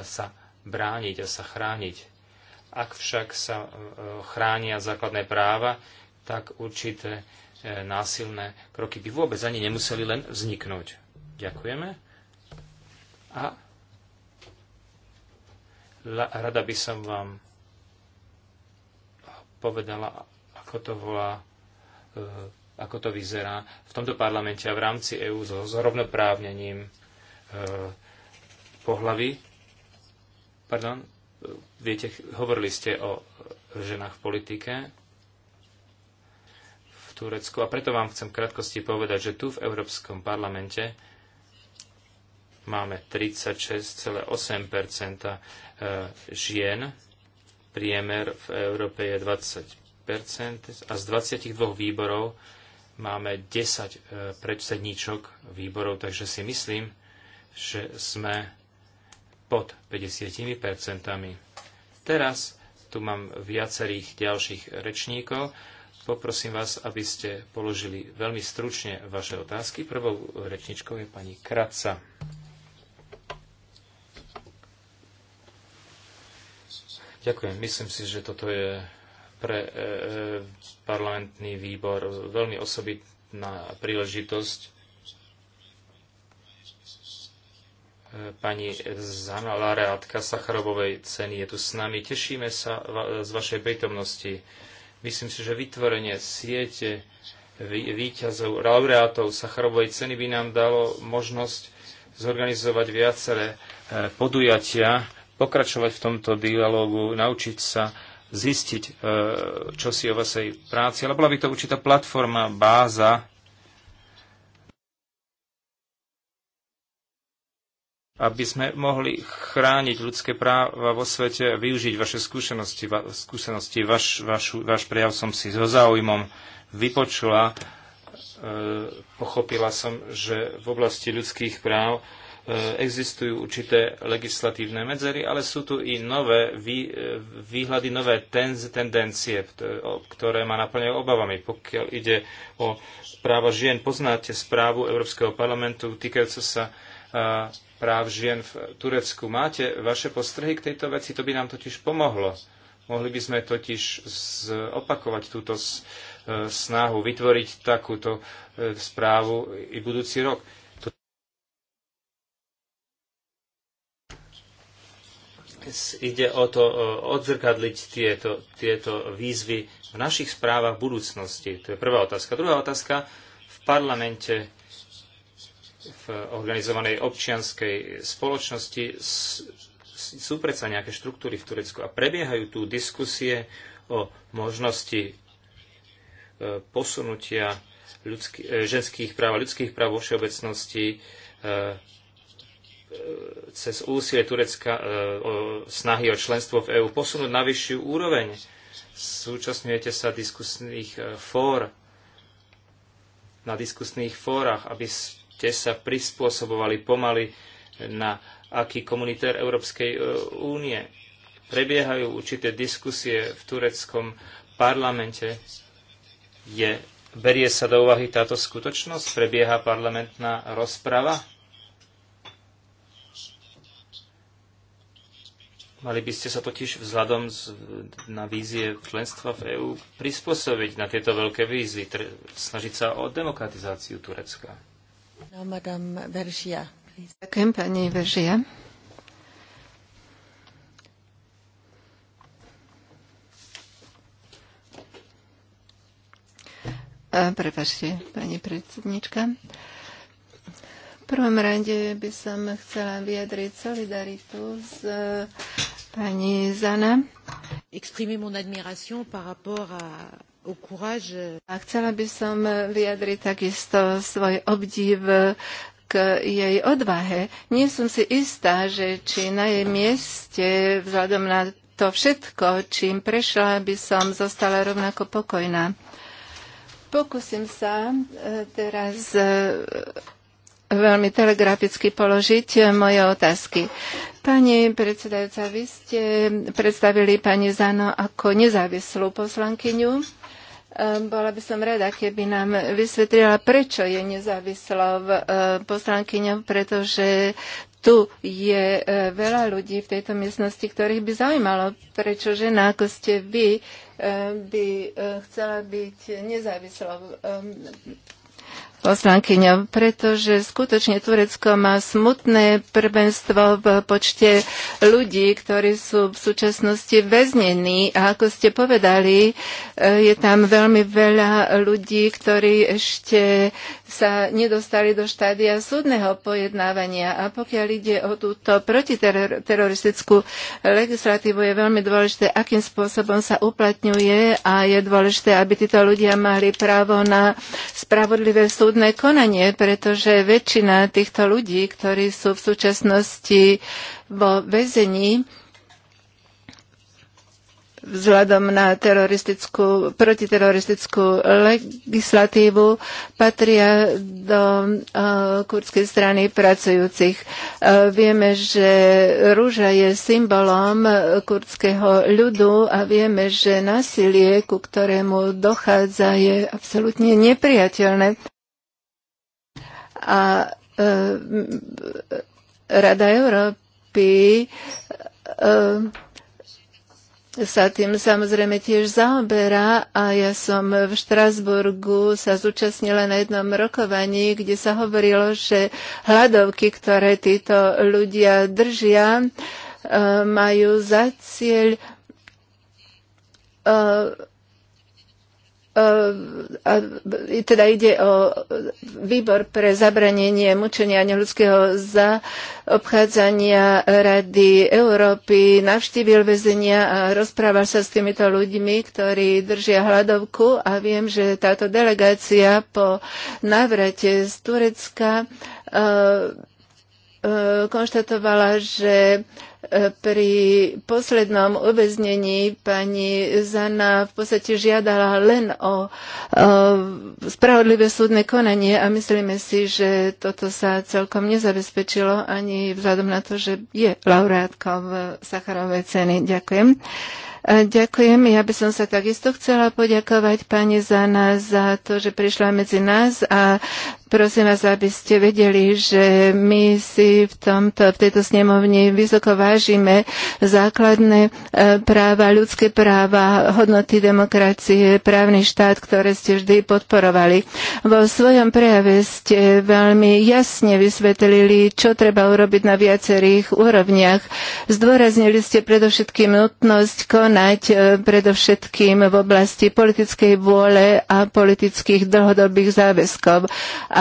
[SPEAKER 3] sa brániť a sa chrániť. Ak však sa e, chránia základné práva, tak určité e, násilné kroky by vôbec ani nemuseli len vzniknúť. Ďakujeme. A rada by som vám povedala, ako to volá, e, ako to vyzerá v tomto parlamente a v rámci EÚ so zrovnoprávnením e, pohlavy. Pardon, viete, hovorili ste o ženách v politike v Turecku a preto vám chcem v krátkosti povedať, že tu v Európskom parlamente máme 36,8 e, žien priemer v Európe je 20 a z 22 výborov máme 10 e, predsedníčok výborov, takže si myslím, že sme pod 50 percentami. Teraz tu mám viacerých ďalších rečníkov. Poprosím vás, aby ste položili veľmi stručne vaše otázky. Prvou rečničkou je pani Kratca. Ďakujem. Myslím si, že toto je pre e, e, parlamentný výbor veľmi osobitná príležitosť. E, pani Zana Lareátka Sacharobovej ceny je tu s nami. Tešíme sa z vašej prítomnosti. Myslím si, že vytvorenie siete výťazov, laureátov sacharovovej ceny by nám dalo možnosť zorganizovať viaceré podujatia, pokračovať v tomto dialógu, naučiť sa zistiť, e, čo si o vašej práci, ale bola by to určitá platforma, báza, aby sme mohli chrániť ľudské práva vo svete a využiť vaše skúsenosti. Va, skúsenosti vaš, vašu, váš prejav som si so záujmom vypočula. E, pochopila som, že v oblasti ľudských práv E, existujú určité legislatívne medzery, ale sú tu i nové vý, e, výhľady, nové tenz, tendencie, e, ktoré ma naplňajú obavami. Pokiaľ ide o práva žien, poznáte správu Európskeho parlamentu týkajúce sa práv žien v Turecku. Máte vaše postrehy k tejto veci? To by nám totiž pomohlo. Mohli by sme totiž opakovať túto snahu vytvoriť takúto správu i budúci rok. ide o to e, odzrkadliť tieto, tieto výzvy v našich správach v budúcnosti. To je prvá otázka. Druhá otázka. V parlamente v organizovanej občianskej spoločnosti sú predsa nejaké štruktúry v Turecku a prebiehajú tu diskusie o možnosti e, posunutia ľudský, e, ženských práv a ľudských práv vo všeobecnosti E, cez úsilie Turecka e, o snahy o členstvo v EÚ posunúť na vyššiu úroveň. Súčasňujete sa diskusných e, fór, na diskusných fórach, aby ste sa prispôsobovali pomaly na aký komunitér Európskej únie. Prebiehajú určité diskusie v tureckom parlamente. Je, berie sa do úvahy táto skutočnosť? Prebieha parlamentná rozprava? Mali by ste sa totiž vzhľadom z, na vízie členstva v EÚ prispôsobiť na tieto veľké vízy, tr- snažiť sa o demokratizáciu Turecka.
[SPEAKER 1] No, madame Veržia. Ďakujem, pani Veržia. E, Prepašte, pani predsednička. V prvom rade by som chcela vyjadriť solidaritu s Pani Zana. Exprimer mon admiration par rapport à, a chcela by som vyjadriť takisto svoj obdiv k jej odvahe. Nie som si istá, že či na jej mieste, vzhľadom na to všetko, čím prešla, by som zostala rovnako pokojná. Pokúsim sa eh, teraz eh, veľmi telegraficky položiť e, moje otázky. Pani predsedajúca, vy ste predstavili pani Zano ako nezávislú poslankyňu. E, bola by som rada, keby nám vysvetlila, prečo je nezávislá e, poslankyňou, pretože tu je veľa ľudí v tejto miestnosti, ktorých by zaujímalo, prečo žena, ako ste vy, by chcela byť nezávislou poslankyňou, pretože skutočne Turecko má smutné prvenstvo v počte ľudí, ktorí sú v súčasnosti väznení. A ako ste povedali, e, je tam veľmi veľa ľudí, ktorí ešte sa nedostali do štádia súdneho pojednávania. A pokiaľ ide o túto protiteroristickú legislatívu, je veľmi dôležité, akým spôsobom sa uplatňuje a je dôležité, aby títo ľudia mali právo na spravodlivé súdne konanie, pretože väčšina týchto ľudí, ktorí sú v súčasnosti vo väzení, vzhľadom na teroristickú, protiteroristickú legislatívu patria do uh, kurdskej strany pracujúcich. Uh, vieme, že rúža je symbolom kurdského ľudu a vieme, že násilie, ku ktorému dochádza, je absolútne nepriateľné. A uh, Rada Európy uh, sa tým samozrejme tiež zaoberá a ja som v Štrasburgu sa zúčastnila na jednom rokovaní, kde sa hovorilo, že hľadovky, ktoré títo ľudia držia, e, majú za cieľ e, Ehm, e, teda ide o výbor pre zabranenie mučenia neľudského obchádzania Rady Európy, navštívil väzenia a rozprával sa s týmito ľuďmi, ktorí držia hladovku a viem, že táto delegácia po návrate z Turecka ehm, E, konštatovala, že e, pri poslednom uväznení pani Zana v podstate žiadala len o, o spravodlivé súdne konanie a myslíme si, že toto sa celkom nezabezpečilo ani vzhľadom na to, že je v Sacharovej ceny. Ďakujem. E, ďakujem. Ja by som sa takisto chcela poďakovať pani Zana za to, že prišla medzi nás a Prosím vás, aby ste vedeli, že my si v, tomto, v tejto snemovni vysoko vážime základné e, práva, ľudské práva, hodnoty demokracie, právny štát, ktoré ste vždy podporovali. Vo svojom prejave ste veľmi jasne vysvetlili, čo treba urobiť na viacerých úrovniach. Zdôraznili ste predovšetkým nutnosť konať e, predovšetkým v oblasti politickej vôle a politických dlhodobých záväzkov.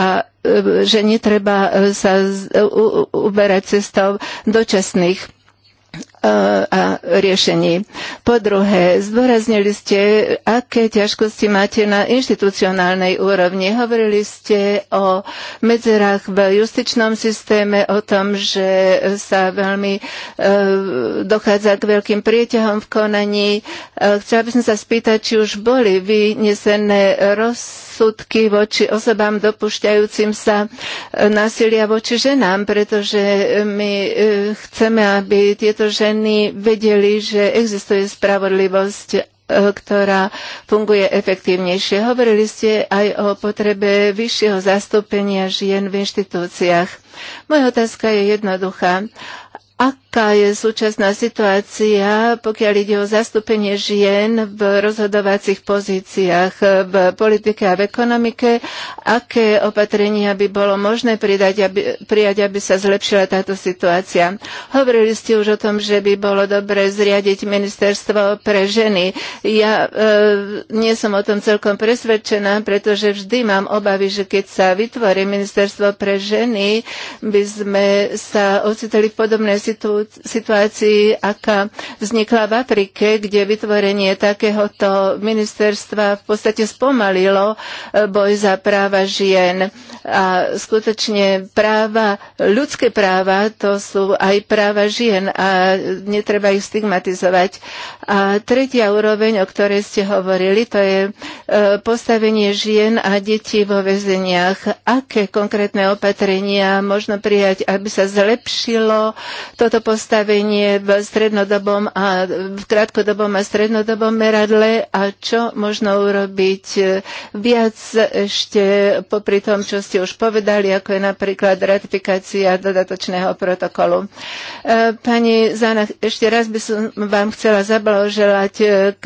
[SPEAKER 1] A a e, že netreba e, sa e, uberať cestou dočasných a riešení. Po druhé, zdôraznili ste, aké ťažkosti máte na inštitucionálnej úrovni. Hovorili ste o medzerách v justičnom systéme, o tom, že sa veľmi e, dochádza k veľkým prieťahom v konaní. E, chcela by som sa spýtať, či už boli vynesené roz predsudky voči osobám dopušťajúcim sa e, násilia voči ženám, pretože e, my e, chceme, aby tieto ženy vedeli, že existuje spravodlivosť ktorá funguje efektívnejšie. Hovorili ste aj o potrebe vyššieho zastúpenia žien v inštitúciách. Moja otázka je jednoduchá. Aká je súčasná situácia, pokiaľ ide o zastúpenie žien v rozhodovacích pozíciách v politike a v ekonomike? Aké opatrenia by bolo možné pridať, aby, prijať, aby sa zlepšila táto situácia? Hovorili ste už o tom, že by bolo dobre zriadiť ministerstvo pre ženy. Ja e, nie som o tom celkom presvedčená, pretože vždy mám obavy, že keď sa vytvorí ministerstvo pre ženy, by sme sa ocitali v podobnej situácii situ- situácii, aká vznikla v Afrike, kde vytvorenie takéhoto ministerstva v podstate spomalilo e, boj za práva žien. A skutočne práva, ľudské práva, to sú aj práva žien a netreba ich stigmatizovať. A tretia úroveň, o ktorej ste hovorili, to je e, postavenie žien a detí vo väzeniach. Aké konkrétne opatrenia možno prijať, aby sa zlepšilo toto postavenie v strednodobom a v krátkodobom a strednodobom meradle a čo možno urobiť e, viac ešte popri tom, čo ste už povedali, ako je napríklad ratifikácia dodatočného protokolu. E, pani Zana, ešte raz by som vám chcela zablahoželať e, k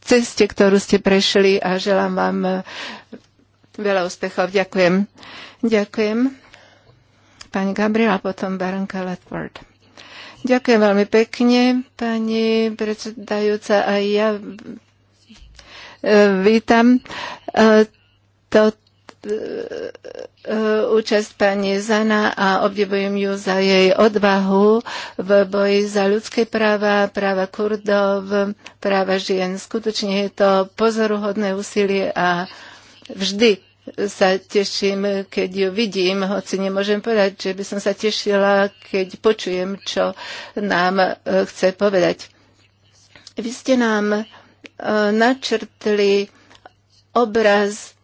[SPEAKER 1] ceste, ktorú ste prešli a želám vám veľa úspechov. Ďakujem. Ďakujem pani Gabriel a potom baronka Ledford. Ďakujem veľmi pekne, pani predsedajúca. A ja e, vítam e, to, e, účasť pani Zana a obdivujem ju za jej odvahu v boji za ľudské práva, práva kurdov, práva žien. Skutočne je to pozoruhodné úsilie a vždy sa teším, keď ju vidím, hoci nemôžem povedať, že by som sa tešila, keď počujem, čo nám e, chce povedať. Vy ste nám e, načrtli obraz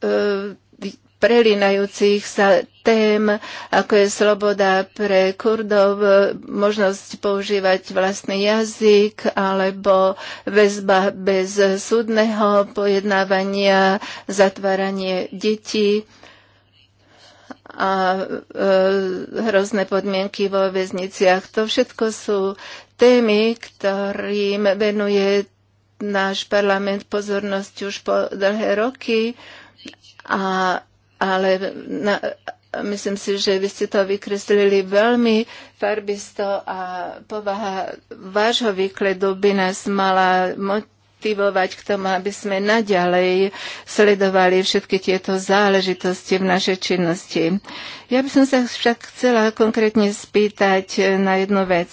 [SPEAKER 1] e, prelínajúcich sa tém, ako je sloboda pre Kurdov, možnosť používať vlastný jazyk alebo väzba bez súdneho pojednávania, zatváranie detí a e, hrozné podmienky vo väzniciach. To všetko sú témy, ktorým venuje náš parlament pozornosť už po dlhé roky a ale na, myslím si, že vy ste to vykreslili veľmi farbisto a povaha vášho výkledu by nás mala motivovať k tomu, aby sme naďalej sledovali všetky tieto záležitosti v našej činnosti. Ja by som sa však chcela konkrétne spýtať na jednu vec.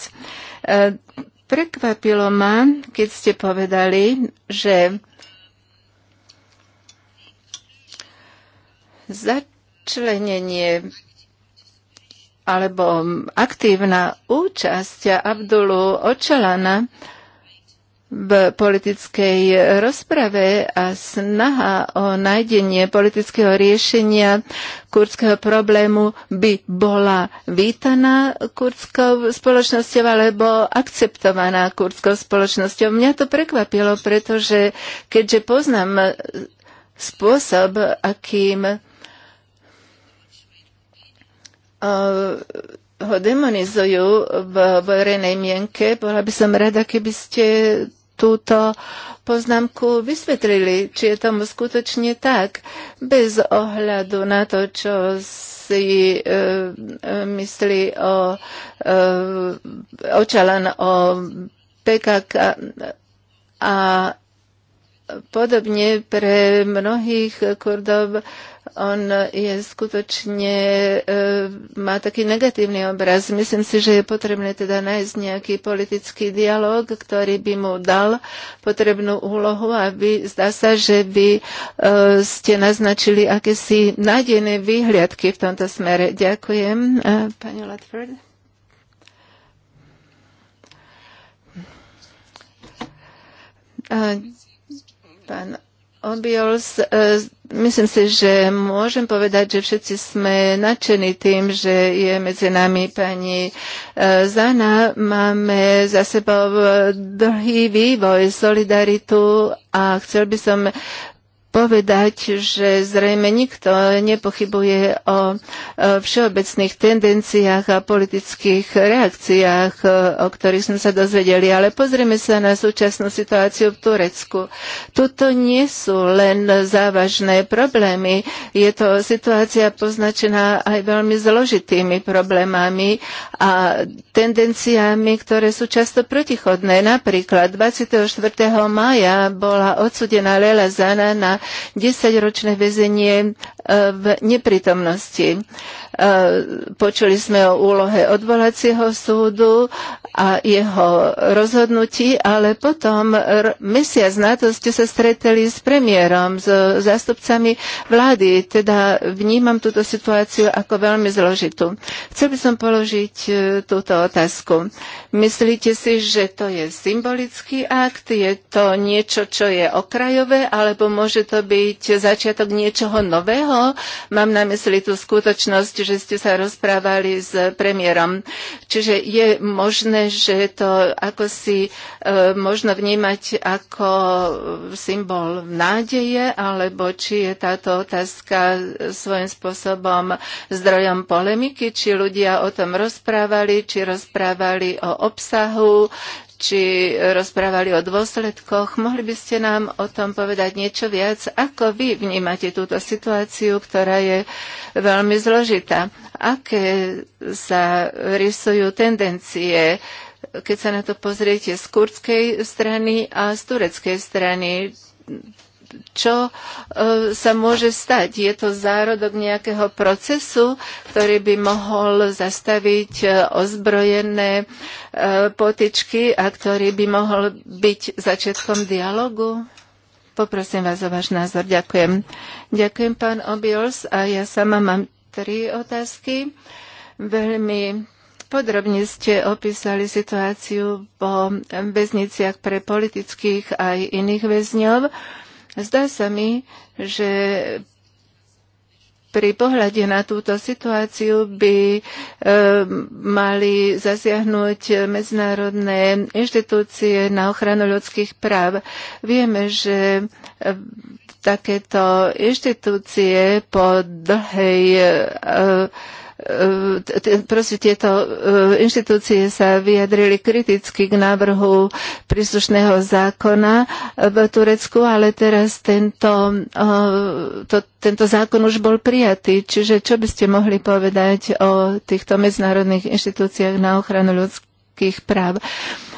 [SPEAKER 1] E, prekvapilo ma, keď ste povedali, že začlenenie alebo aktívna účasť Abdulu Očelana v politickej rozprave a snaha o nájdenie politického riešenia kurdského problému by bola vítaná kurdskou spoločnosťou alebo akceptovaná kurdskou spoločnosťou. Mňa to prekvapilo, pretože keďže poznám spôsob, akým Uh, ho demonizujú v verejnej mienke. Bola by som rada, keby ste túto poznámku vysvetlili, či je tomu skutočne tak, bez ohľadu na to, čo si e, myslí o e, uh, Očalan, o PKK a Podobne pre mnohých Kurdov on je skutočne, e, má taký negatívny obraz. Myslím si, že je potrebné teda nájsť nejaký politický dialog, ktorý by mu dal potrebnú úlohu aby zdá sa, že by e, ste naznačili akési nádejné výhliadky v tomto smere. Ďakujem, e, pani Latford. A Pán Obiols, e, myslím si, že môžem povedať, že všetci sme nadšení tým, že je medzi nami pani e, Zana. Máme za sebou dlhý vývoj, solidaritu a chcel by som povedať, že zrejme nikto nepochybuje o všeobecných tendenciách a politických reakciách, o ktorých sme sa dozvedeli, ale pozrieme sa na súčasnú situáciu v Turecku. Tuto nie sú len závažné problémy, je to situácia poznačená aj veľmi zložitými problémami a tendenciami, ktoré sú často protichodné. Napríklad 24. maja bola odsudená Lela Zana na desaťročné väzenie e, v neprítomnosti. E, počuli sme o úlohe odvolacieho súdu, a jeho rozhodnutí, ale potom mesiac na to ste sa stretli s premiérom, s zástupcami vlády. Teda vnímam túto situáciu ako veľmi zložitú. Chcel by som položiť e, túto otázku. Myslíte si, že to je symbolický akt? Je to niečo, čo je okrajové? Alebo môže to byť začiatok niečoho nového? Mám na mysli tú skutočnosť, že ste sa rozprávali s premiérom. Čiže je možné, že to ako si e, možno vnímať ako symbol nádeje, alebo či je táto otázka svojím spôsobom zdrojom polemiky, či ľudia o tom rozprávali, či rozprávali o obsahu, či rozprávali o dôsledkoch. Mohli by ste nám o tom povedať niečo viac? Ako vy vnímate túto situáciu, ktorá je veľmi zložitá? Aké sa rysujú tendencie, keď sa na to pozriete z kurdskej strany a z tureckej strany? čo e, sa môže stať. Je to zárodok nejakého procesu, ktorý by mohol zastaviť e, ozbrojené e, potičky a ktorý by mohol byť začiatkom dialogu? Poprosím vás o váš názor. Ďakujem. Ďakujem, pán Obiols. A ja sama mám tri otázky. Veľmi podrobne ste opísali situáciu po väzniciach pre politických aj iných väzňov. Zdá sa mi, že pri pohľade na túto situáciu by e, mali zasiahnuť medzinárodné inštitúcie na ochranu ľudských práv. Vieme, že e, takéto inštitúcie po dlhej e, proste tieto e, inštitúcie sa vyjadrili kriticky k návrhu príslušného zákona v Turecku, ale teraz tento, e, to, tento zákon už bol prijatý. Čiže čo by ste mohli povedať o týchto medzinárodných inštitúciách na ochranu ľudských ľudských práv.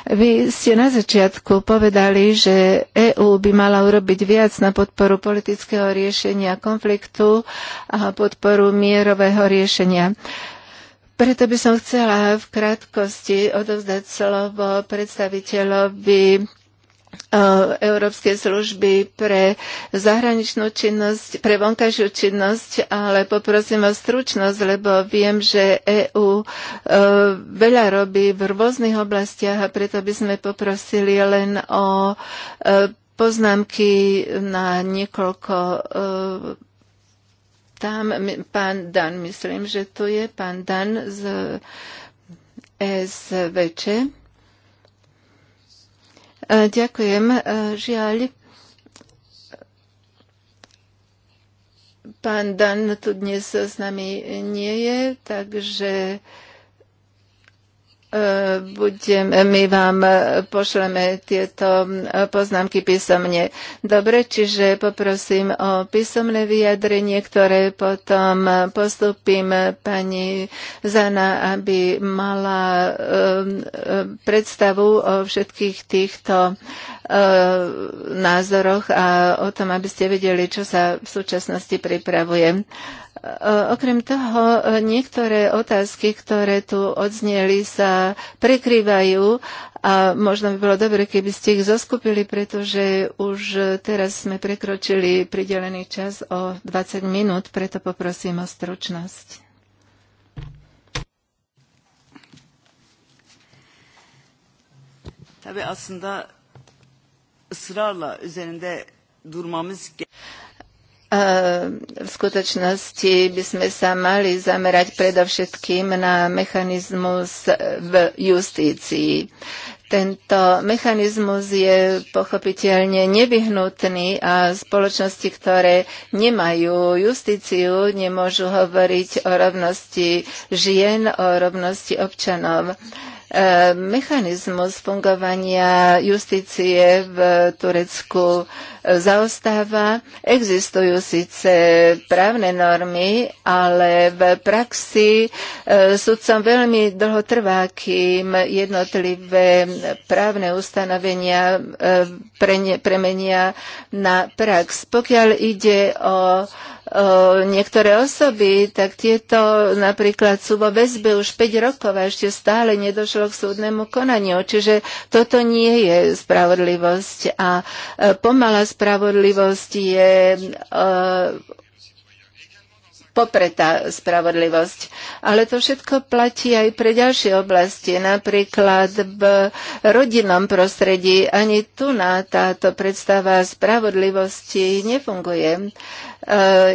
[SPEAKER 1] Vy ste na začiatku povedali, že EÚ by mala urobiť viac na podporu politického riešenia konfliktu a podporu mierového riešenia. Preto by som chcela v krátkosti odovzdať slovo predstaviteľovi E, Európskej služby pre zahraničnú činnosť, pre vonkajšiu činnosť, ale poprosím o stručnosť, lebo viem, že EÚ e, veľa robí v rôznych oblastiach a preto by sme poprosili len o e, poznámky na niekoľko tam, pán Dan, myslím, že tu je pán Dan z SVČ. E, ďakujem. E, žiaľ, pán Dan tu dnes s nami nie je, takže E, budem, e, my vám e, pošleme tieto poznámky písomne. Dobre, čiže poprosím o písomné vyjadrenie, ktoré potom postupím pani Zana, aby mala predstavu o všetkých týchto názoroch a o tom, aby ste vedeli, čo sa v súčasnosti pripravuje. E, okrem toho, e, niektoré otázky, ktoré tu odzneli, sa prekrývajú a možno by bolo dobre, keby ste ich zoskupili, pretože už teraz sme prekročili pridelený čas o 20 minút, preto poprosím o stručnosť. Tabii aslında ısrarla üzerinde durmamız gerekiyor v skutočnosti by sme sa mali zamerať predovšetkým na mechanizmus v justícii. Tento mechanizmus je pochopiteľne nevyhnutný a spoločnosti, ktoré nemajú justíciu, nemôžu hovoriť o rovnosti žien, o rovnosti občanov. Uh, E, mechanizmus fungovania justície v Turecku e, zaostáva. Existujú síce právne normy, ale v praxi e, sudcom veľmi dlho trvá, kým jednotlivé právne ustanovenia premenia na prax. Pokiaľ ide o Eh, niektoré osoby, tak tieto napríklad sú vo väzbe už 5 rokov a ešte stále nedošlo k súdnemu konaniu. Čiže toto nie je spravodlivosť a eh, pomalá spravodlivosť je eh, popretá spravodlivosť. Ale to všetko platí aj pre ďalšie oblasti, napríklad v rodinnom prostredí. Ani tu na táto predstava spravodlivosti nefunguje. E,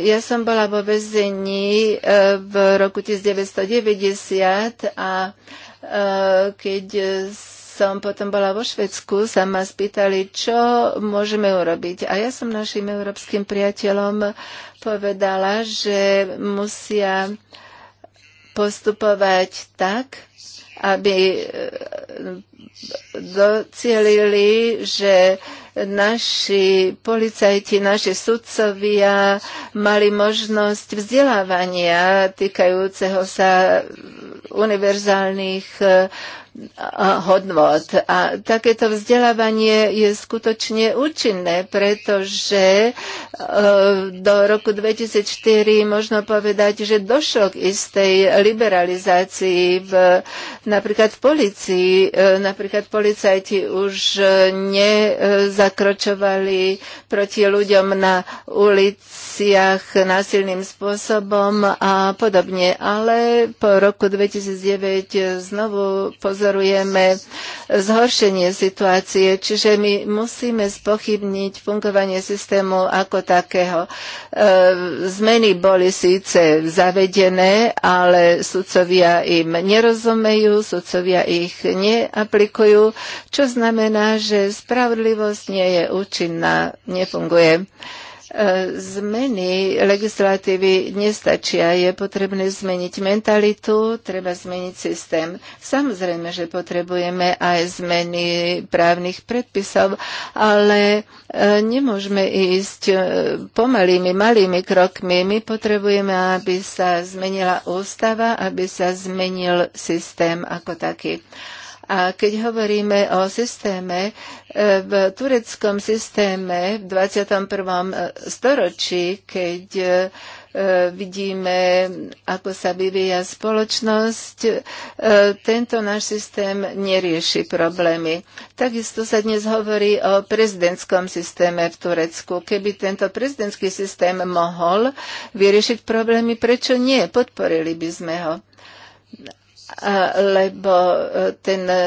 [SPEAKER 1] ja som bola vo väzení e, v roku 1990 a e, keď som potom bola vo Švedsku, sa ma spýtali, čo môžeme urobiť. A ja som našim európskym priateľom povedala, že musia postupovať tak, aby eh, docielili, že naši policajti, naši sudcovia mali možnosť vzdelávania týkajúceho sa univerzálnych eh, hodnot. A takéto vzdelávanie je skutočne účinné, pretože e, do roku 2004 možno povedať, že došlo k istej liberalizácii v, napríklad v policii. E, napríklad policajti už nezakročovali proti ľuďom na uliciach násilným spôsobom a podobne. Ale po roku 2009 znovu pozornosť pozorujeme zhoršenie situácie, čiže my musíme spochybniť fungovanie systému ako takého. E, zmeny boli síce zavedené, ale sudcovia im nerozumejú, sudcovia ich neaplikujú, čo znamená, že spravodlivosť nie je účinná, nefunguje zmeny legislatívy nestačia. Je potrebné zmeniť mentalitu, treba zmeniť systém. Samozrejme, že potrebujeme aj zmeny právnych predpisov, ale e, nemôžeme ísť e, pomalými, malými krokmi. My potrebujeme, aby sa zmenila ústava, aby sa zmenil systém ako taký. A keď hovoríme o systéme, e, v tureckom systéme v 21. E, storočí, keď e, vidíme, ako sa vyvíja spoločnosť, tento náš systém nerieši problémy. Takisto sa dnes hovorí o prezidentskom systéme v Turecku. Keby tento prezidentský systém mohol vyriešiť problémy, prečo nie? Podporili by sme ho lebo e, ten e,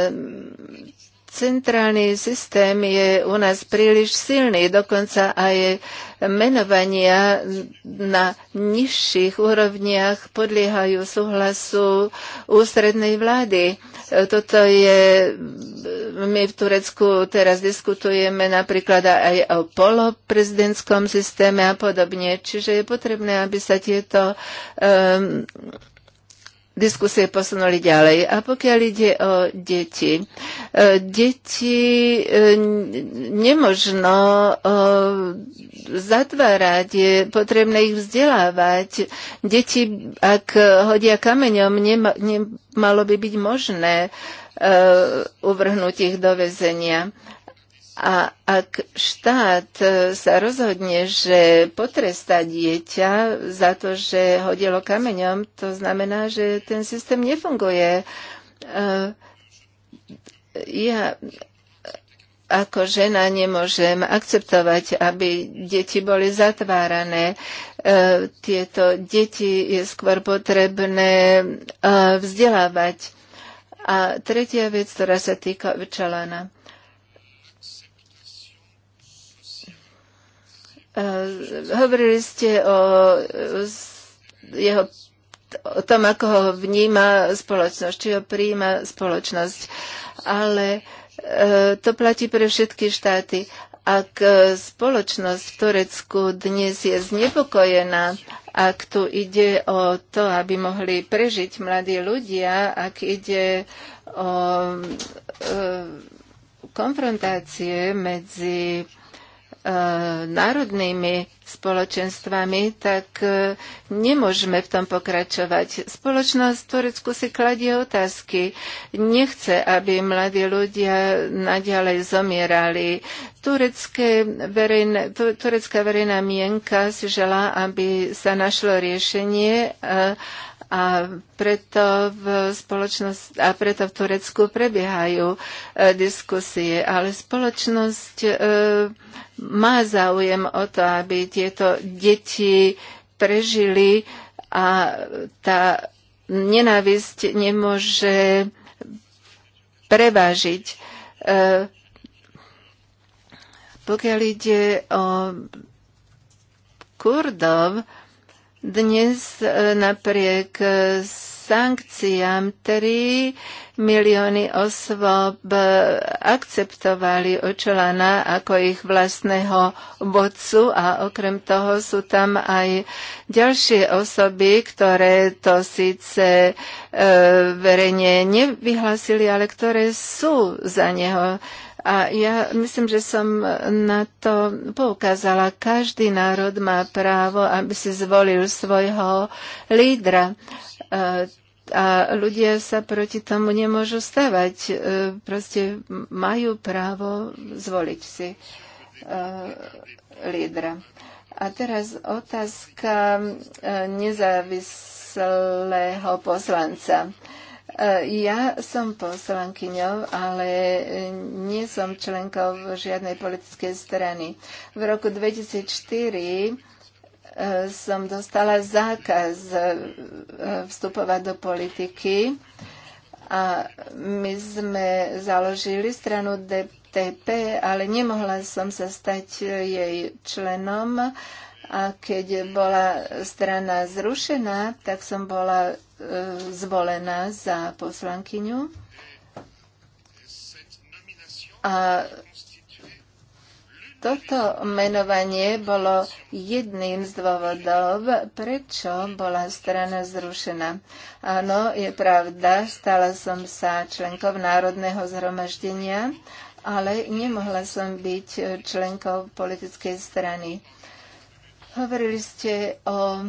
[SPEAKER 1] centrálny systém je u nás príliš silný, dokonca aj menovania na nižších úrovniach podliehajú súhlasu ústrednej vlády. E, toto je, my v Turecku teraz diskutujeme napríklad aj o poloprezidentskom systéme a podobne, čiže je potrebné, aby sa tieto um, diskusie posunuli ďalej. A pokiaľ ide o deti, e, deti e, nemožno e, zatvárať, je potrebné ich vzdelávať. Deti, ak hodia kameňom, nemalo by byť možné uvrhnúť ich do vezenia. A ak štát e, sa rozhodne, že potrestá dieťa za to, že hodilo kameňom, to znamená, že ten systém nefunguje. E, ja ako žena nemôžem akceptovať, aby deti boli zatvárané. E, tieto deti je skôr potrebné vzdelávať. A tretia vec, ktorá sa týka Čalana. Eh, hovorili ste o jeho o tom, ako ho vníma spoločnosť, či ho príjima spoločnosť. Ale e, to platí pre všetky štáty. Ak eh, spoločnosť v Turecku dnes je znepokojená, ak tu ide o to, aby mohli prežiť mladí ľudia, ak ide o e, konfrontácie medzi e, E, národnými spoločenstvami, tak e, nemôžeme v tom pokračovať. Spoločnosť v Turecku si kladie otázky. Nechce, aby mladí ľudia naďalej zomierali. Turecké turecká verejná mienka si želá, aby sa našlo riešenie e, a preto v, spoločnosť, a preto v Turecku prebiehajú e, diskusie, ale spoločnosť e, má záujem o to, aby tieto deti prežili a tá nenávisť nemôže prevážiť. E, pokiaľ ide o Kurdov, dnes e, napriek e, sankciám, ktorý milióny osôb e, akceptovali Očelana ako ich vlastného vodcu a okrem toho sú tam aj ďalšie osoby, ktoré to síce e, verejne nevyhlasili, ale ktoré sú za neho a ja myslím, že som na to poukázala. Každý národ má právo, aby si zvolil svojho lídra. E, a ľudia sa proti tomu nemôžu stavať. E, proste majú právo zvoliť si e, lídra. A teraz otázka e, nezávislého poslanca. Ja som poslankyňou, ale nie som členkou žiadnej politickej strany. V roku 2004 som dostala zákaz e, e, vstupovať do politiky a my sme založili stranu DTP, ale nemohla som sa stať jej členom a keď bola strana zrušená, tak som bola e, zvolená za poslankyňu. A toto menovanie bolo jedným z dôvodov, prečo bola strana zrušená. Áno, je pravda, stala som sa členkou Národného zhromaždenia, ale nemohla som byť členkou politickej strany. Hovorili ste o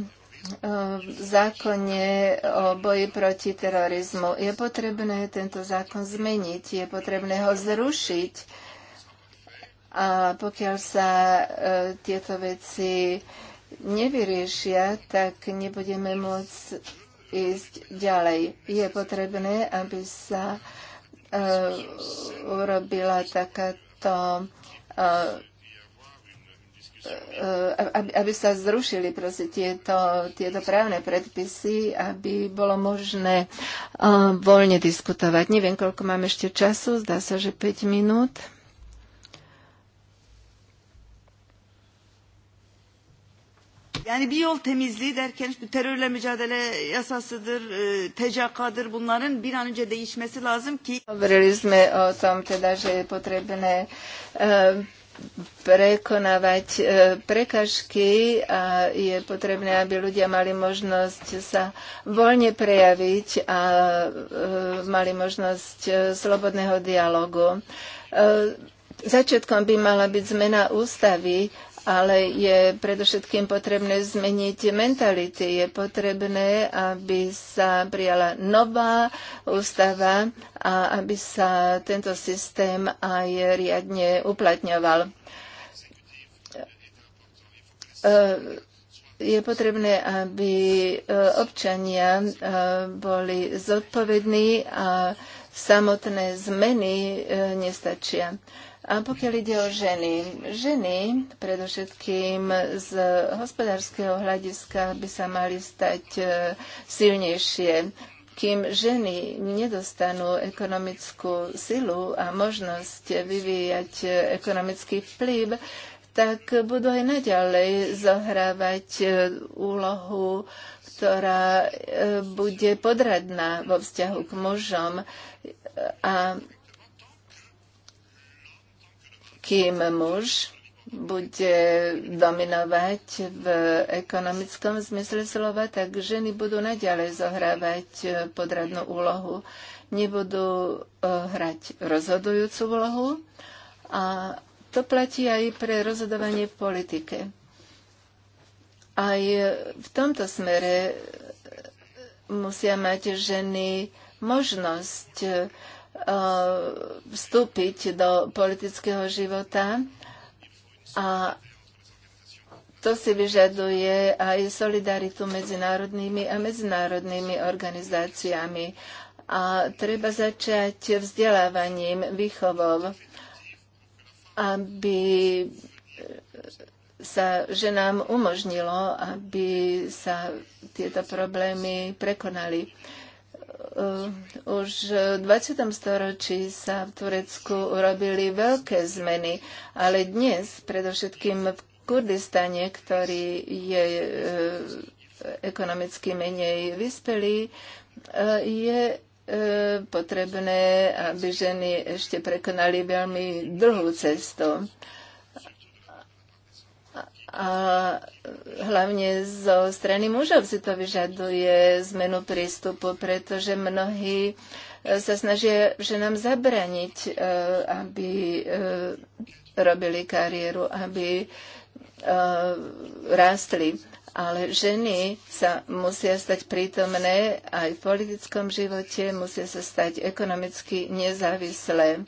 [SPEAKER 1] zákone o boji proti terorizmu. Je potrebné tento zákon zmeniť, je potrebné ho zrušiť a pokiaľ sa e, tieto veci nevyriešia, tak nebudeme môcť ísť ďalej. Je potrebné, aby sa e, urobila takáto e, aby, aby sa zrušili tieto, tieto právne predpisy, aby bolo možné voľne diskutovať. Neviem, koľko mám ešte času, zdá sa, že 5 minút. Yani bir yol temizliği derken işte terörle mücadele yasasıdır, e, TCK'dır bunların bir an önce değişmesi lazım ki. Verilizme o e, tom teda, že je potrebné e, prekonávať prekažky a je potrebné, aby ľudia mali možnosť sa voľne prejaviť a mali možnosť slobodného dialogu. Začiatkom by mala byť zmena ústavy, ale je predovšetkým potrebné zmeniť mentality. Je potrebné, aby sa prijala nová ústava a aby sa tento systém aj riadne uplatňoval. E, je potrebné, aby e, občania e, boli zodpovední a samotné zmeny nestačia. A pokiaľ ide o ženy, ženy predovšetkým z hospodárskeho hľadiska by sa mali stať e, silnejšie. Kým ženy nedostanú ekonomickú silu a možnosť vyvíjať e, ekonomický vplyv, tak budú aj naďalej zohrávať e, úlohu, ktorá bude podradná vo vzťahu k mužom. A kým muž bude dominovať v ekonomickom zmysle slova, tak ženy budú naďalej zohrávať e, podradnú úlohu. Nebudú e, hrať rozhodujúcu úlohu a to platí aj pre rozhodovanie v politike. Aj v tomto smere e, musia mať ženy možnosť Eh, vstúpiť do politického života a to si vyžaduje aj solidaritu medzi národnými a medzinárodnými organizáciami. A treba začať vzdelávaním, výchovov, aby sa ženám umožnilo, aby sa tieto problémy prekonali Eh, už v 20. storočí sa v Turecku urobili veľké zmeny, ale dnes, predovšetkým v Kurdistane, ktorý je eh, ekonomicky menej vyspelý, eh, je potrebné, aby ženy ešte prekonali veľmi dlhú cestu a hlavne zo strany mužov si to vyžaduje zmenu prístupu, pretože mnohí e, sa snažia ženám zabraniť, e, aby e, robili kariéru, aby rástli. Ale ženy sa musia stať prítomné aj v politickom živote, musia sa stať ekonomicky nezávislé.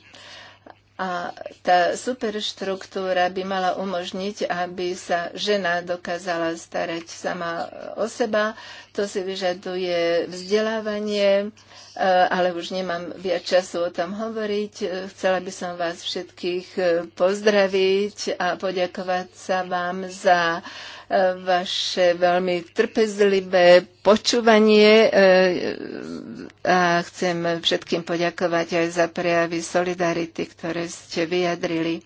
[SPEAKER 1] A tá superštruktúra by mala umožniť, aby sa žena dokázala starať sama o seba. To si vyžaduje vzdelávanie, e, ale už nemám viac času o tom hovoriť. E, chcela by som vás všetkých e, pozdraviť a poďakovať sa vám za vaše veľmi trpezlivé počúvanie e, a chcem všetkým poďakovať aj za prejavy solidarity, ktoré ste vyjadrili.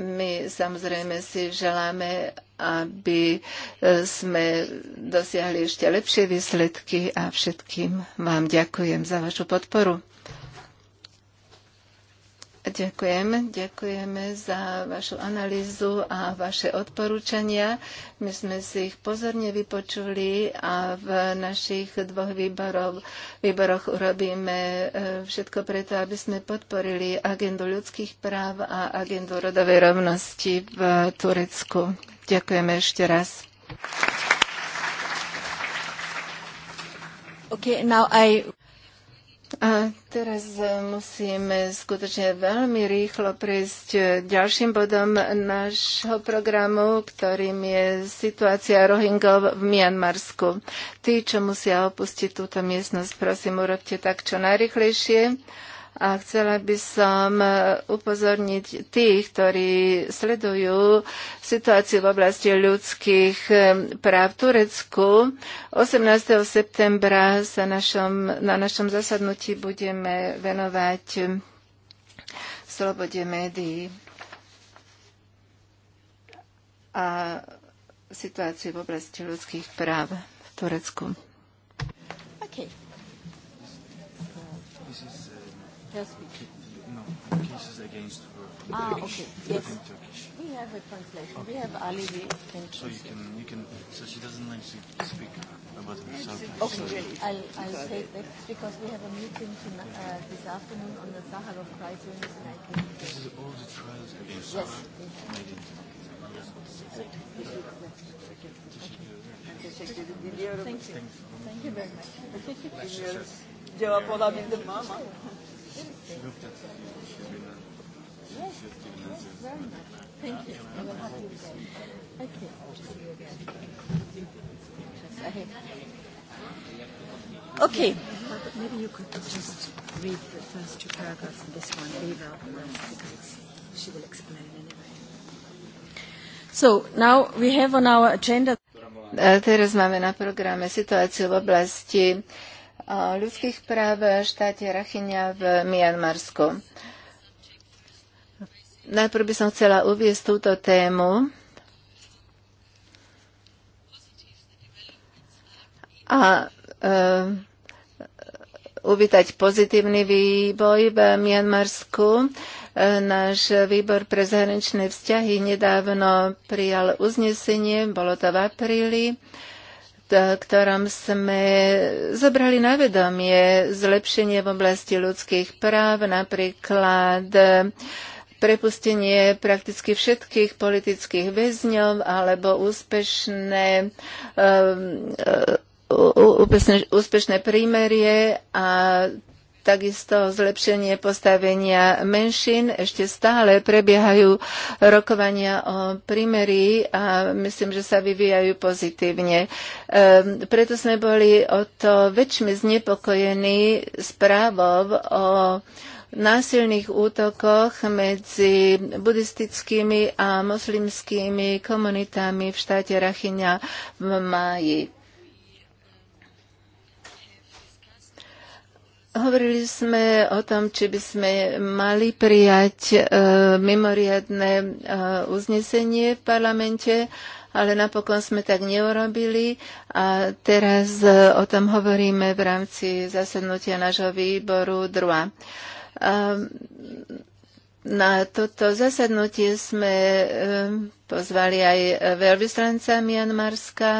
[SPEAKER 1] My samozrejme si želáme, aby e, sme dosiahli ešte lepšie výsledky a všetkým vám ďakujem za vašu podporu. Ďakujem, ďakujeme za vašu analýzu a vaše odporúčania. My sme si ich pozorne vypočuli a v našich dvoch výborov, výboroch urobíme e, všetko preto, aby sme podporili agendu ľudských práv a agendu rodovej rovnosti v Turecku. Ďakujeme ešte raz. Okay, now I... A teraz e, musíme skutočne veľmi rýchlo prejsť e, ďalším bodom nášho programu, ktorým je situácia Rohingov v Mianmarsku. Tí, čo musia opustiť túto miestnosť, prosím, urobte tak čo najrychlejšie a chcela by som e, upozorniť tých, ktorí sledujú situáciu v oblasti ľudských e, práv v Turecku. 18. septembra sa našom, na našom zasadnutí budeme venovať slobode médií a situácii v oblasti ľudských práv v Turecku. Okay.
[SPEAKER 2] No, cases against her. Ah, Turkish. okay. Yes.
[SPEAKER 1] Turkish. We have a translation. Okay. We have Ali. We can so you
[SPEAKER 2] can, you can. So she doesn't like to speak about herself. Okay, so I'll, I'll say
[SPEAKER 1] that because we have a meeting tonight, uh, this afternoon on the Sahara Prize winners, and I
[SPEAKER 2] can. This is all the trials against yes. her. Yes. Teşekkür ediyorum. Thank you. Thank you very much. Cevap olabildim mi ama.
[SPEAKER 1] Okay. Maybe you could just read the first two paragraphs of this one, leave out the rest because she will explain anyway. So now we have on our agenda. A teraz máme na programe situáciu v oblasti uh, o ľudských práv v štáte Rachinia v Mianmarsku. Najprv by som chcela uviesť túto tému a e, uvítať pozitívny výboj v Mianmarsku. E, náš výbor pre zahraničné vzťahy nedávno prijal uznesenie, bolo to v apríli, ktorom sme zobrali na vedomie zlepšenie v oblasti ľudských práv, napríklad prepustenie prakticky všetkých politických väzňov alebo úspešné, úspešné, úspešné prímerie a takisto zlepšenie postavenia menšín. Ešte stále prebiehajú rokovania o primerí a myslím, že sa vyvíjajú pozitívne. Ehm, preto sme boli o to väčšmi znepokojení správov o násilných útokoch medzi buddhistickými a moslimskými komunitami v štáte Rachyňa v máji. Hovorili sme o tom, či by sme mali prijať e, mimoriadne e, uznesenie v parlamente, ale napokon sme tak neurobili a teraz e, o tom hovoríme v rámci zasadnutia nášho výboru DRUA. E, na toto zasadnutie sme e, pozvali aj veľvyslanca Mianmarska.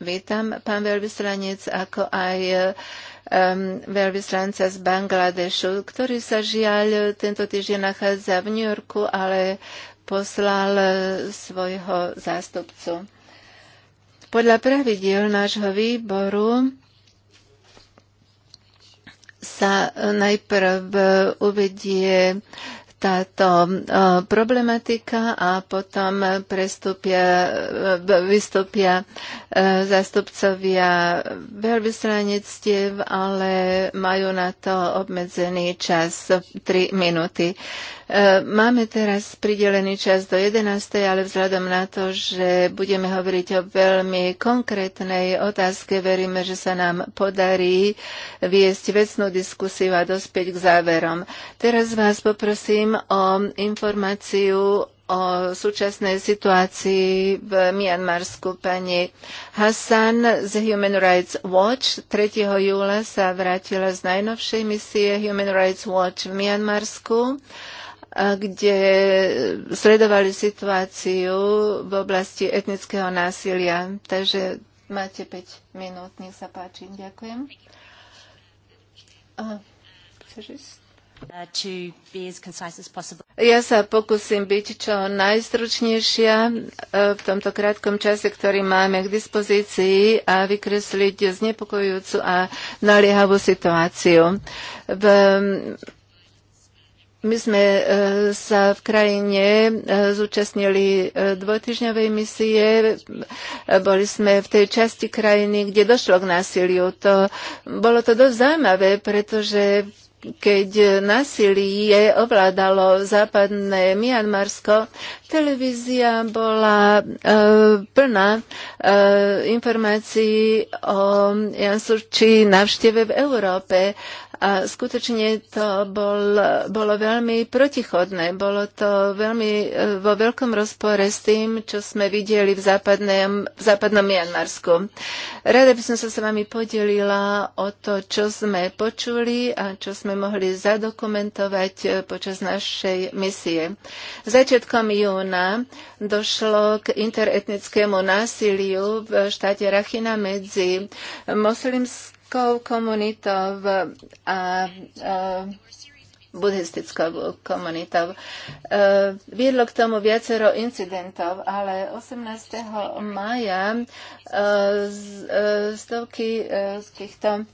[SPEAKER 1] Vítam, pán veľvyslanec, ako aj e, um, veľvyslanca z Bangladešu, ktorý sa žiaľ tento týždeň nachádza v New Yorku, ale poslal uh, svojho zástupcu. Podľa pravidiel nášho výboru sa uh, najprv uh, uvedie táto e, problematika a potom prestúpia, e, vystúpia e, zastupcovia veľvyslanectiev, ale majú na to obmedzený čas 3 minúty. E, máme teraz pridelený čas do 11. ale vzhľadom na to, že budeme hovoriť o veľmi konkrétnej otázke, veríme, že sa nám podarí viesť vecnú diskusiu a dospieť k záverom. Teraz vás poprosím o informáciu o súčasnej situácii v Mianmarsku. Pani Hassan z Human Rights Watch 3. júla sa vrátila z najnovšej misie Human Rights Watch v Mianmarsku. Uh, kde sledovali situáciu v oblasti etnického násilia. Takže máte 5 minút, nech sa páči. Ďakujem. Uh, ja sa pokúsim byť čo najstručnejšia uh, v tomto krátkom čase, ktorý máme k dispozícii a vykresliť znepokojujúcu a naliehavú situáciu. V my sme e, sa v krajine e, zúčastnili e, dvojtyžňovej misie. Boli sme v tej časti krajiny, kde došlo k násiliu. To, bolo to dosť zaujímavé, pretože keď násilie ovládalo západné Mianmarsko, televízia bola e, plná e, informácií o Jansurči návšteve v Európe a skutočne to bol, bolo veľmi protichodné. Bolo to veľmi e, vo veľkom rozpore s tým, čo sme videli v, západnej, v západnom Mianmarsku. Rada by som sa s vami podelila o to, čo sme počuli a čo sme mohli zadokumentovať e, počas našej misie. Začiatkom júna došlo k interetnickému násiliu v štáte Rachina medzi moslimským kresťanskou komunitou a, a buddhistickou komunitou. E, viedlo k tomu viacero incidentov, ale 18. maja e, e, stovky z týchto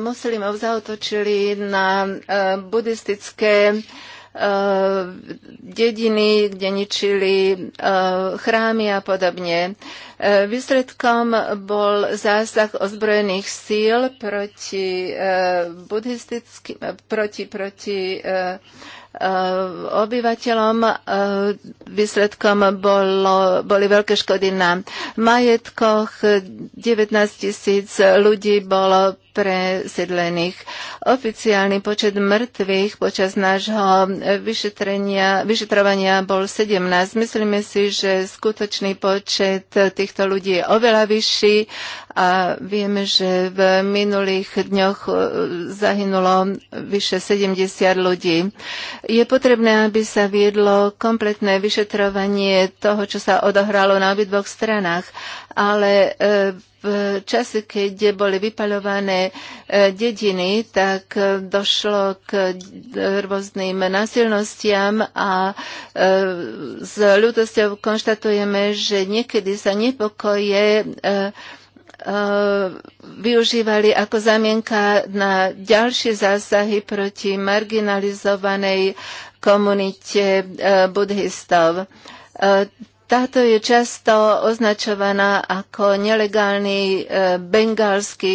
[SPEAKER 1] muslimov zautočili na buddhistické E, dediny, kde ničili e, chrámy a podobne. E, výsledkom bol zásah ozbrojených síl proti buddhistickým, proti, proti obyvateľom. Výsledkom bolo, boli veľké škody na majetkoch. 19 tisíc ľudí bolo presídlených. Oficiálny počet mŕtvych počas nášho vyšetrenia, vyšetrovania bol 17. Myslíme si, že skutočný počet týchto ľudí je oveľa vyšší a vieme, že v minulých dňoch e, zahynulo vyše 70 ľudí. Je potrebné, aby sa viedlo kompletné vyšetrovanie toho, čo sa odohralo na obidvoch stranách, ale e, v čase, keď boli vypaľované e, dediny, tak e, došlo k e, rôznym násilnostiam a s ľudosťou konštatujeme, že niekedy sa nepokoje využívali ako zamienka na ďalšie zásahy proti marginalizovanej komunite buddhistov táto je často označovaná ako nelegálni e, bengalskí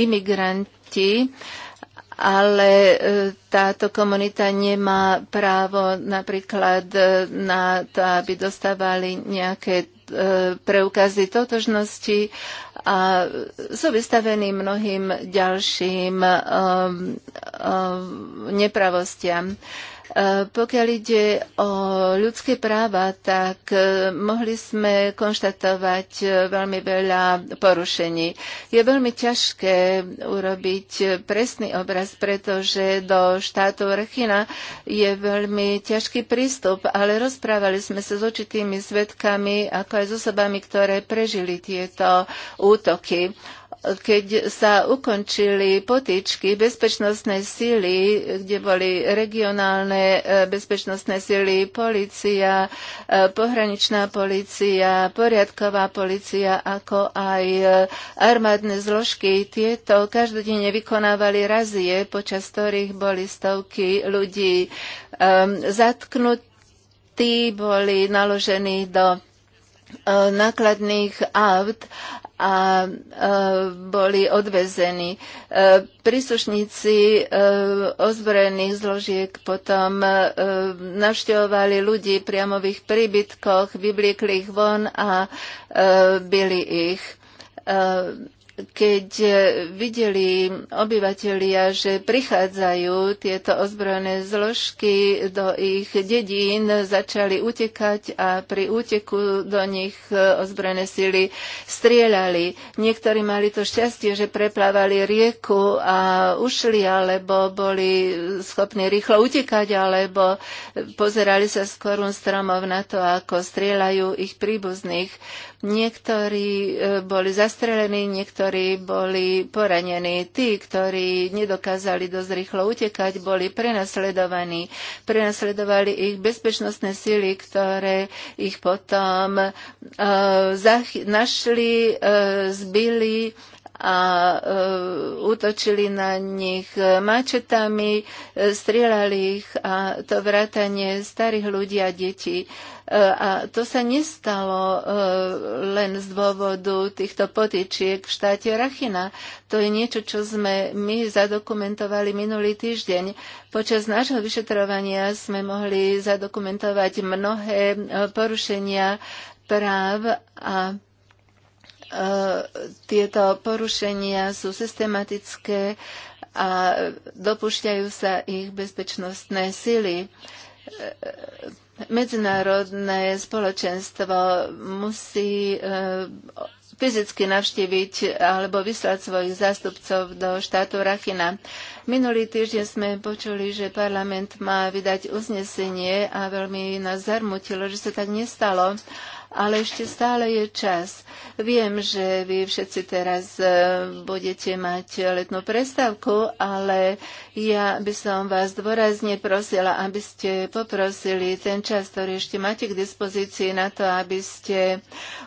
[SPEAKER 1] imigranti, ale e, táto komunita nemá právo napríklad e, na to, aby dostávali nejaké preukazy totožnosti a sú vystavení mnohým ďalším nepravostiam. Eh, pokiaľ ide o ľudské práva, tak eh, mohli sme konštatovať eh, veľmi veľa porušení. Je veľmi ťažké urobiť presný obraz, pretože do štátu Rechina je veľmi ťažký prístup, ale rozprávali sme sa s určitými svetkami, ako aj s osobami, ktoré prežili tieto útoky keď sa ukončili potičky bezpečnostné síly, kde boli regionálne e, bezpečnostné síly, policia, e, pohraničná policia, poriadková policia, ako aj e, armádne zložky, tieto každodenne vykonávali razie, počas ktorých boli stovky ľudí zatknutí, boli naložení do nákladných aut a boli odvezení. E, príslušníci e, ozbrojených zložiek potom e, navštevovali ľudí priamo v ich príbytkoch, vybliekli ich von a byli ich keď e, videli obyvatelia, že prichádzajú tieto ozbrojené zložky do ich dedín, začali utekať a pri úteku do nich e, ozbrojené sily strieľali. Niektorí mali to šťastie, že preplávali rieku a ušli, alebo boli schopní rýchlo utekať, alebo pozerali sa z stromov na to, ako strieľajú ich príbuzných. Niektorí e, boli zastrelení, niektorí boli poranení. Tí, ktorí nedokázali dosť rýchlo utekať, boli prenasledovaní. Prenasledovali ich bezpečnostné sily, ktoré ich potom uh, našli, uh, zbili, a uh, útočili na nich mačetami, e, strieľali ich a to vrátanie starých ľudí a detí. Uh, a to sa nestalo uh, len z dôvodu týchto potičiek v štáte Rachina. To je niečo, čo sme my zadokumentovali minulý týždeň. Počas nášho vyšetrovania sme mohli zadokumentovať mnohé porušenia práv a E, tieto porušenia sú systematické a dopúšťajú sa ich bezpečnostné sily. E, medzinárodné spoločenstvo musí e, fyzicky navštíviť alebo vyslať svojich zástupcov do štátu Rachina. Minulý týždeň sme počuli, že parlament má vydať uznesenie a veľmi nás zarmutilo, že sa tak nestalo. Uh, ale ešte stále je čas. Viem, že vy všetci teraz eh, budete mať letnú prestávku, ale ja by som vás dôrazne prosila, aby ste poprosili ten čas, ktorý ešte máte k dispozícii na to, aby ste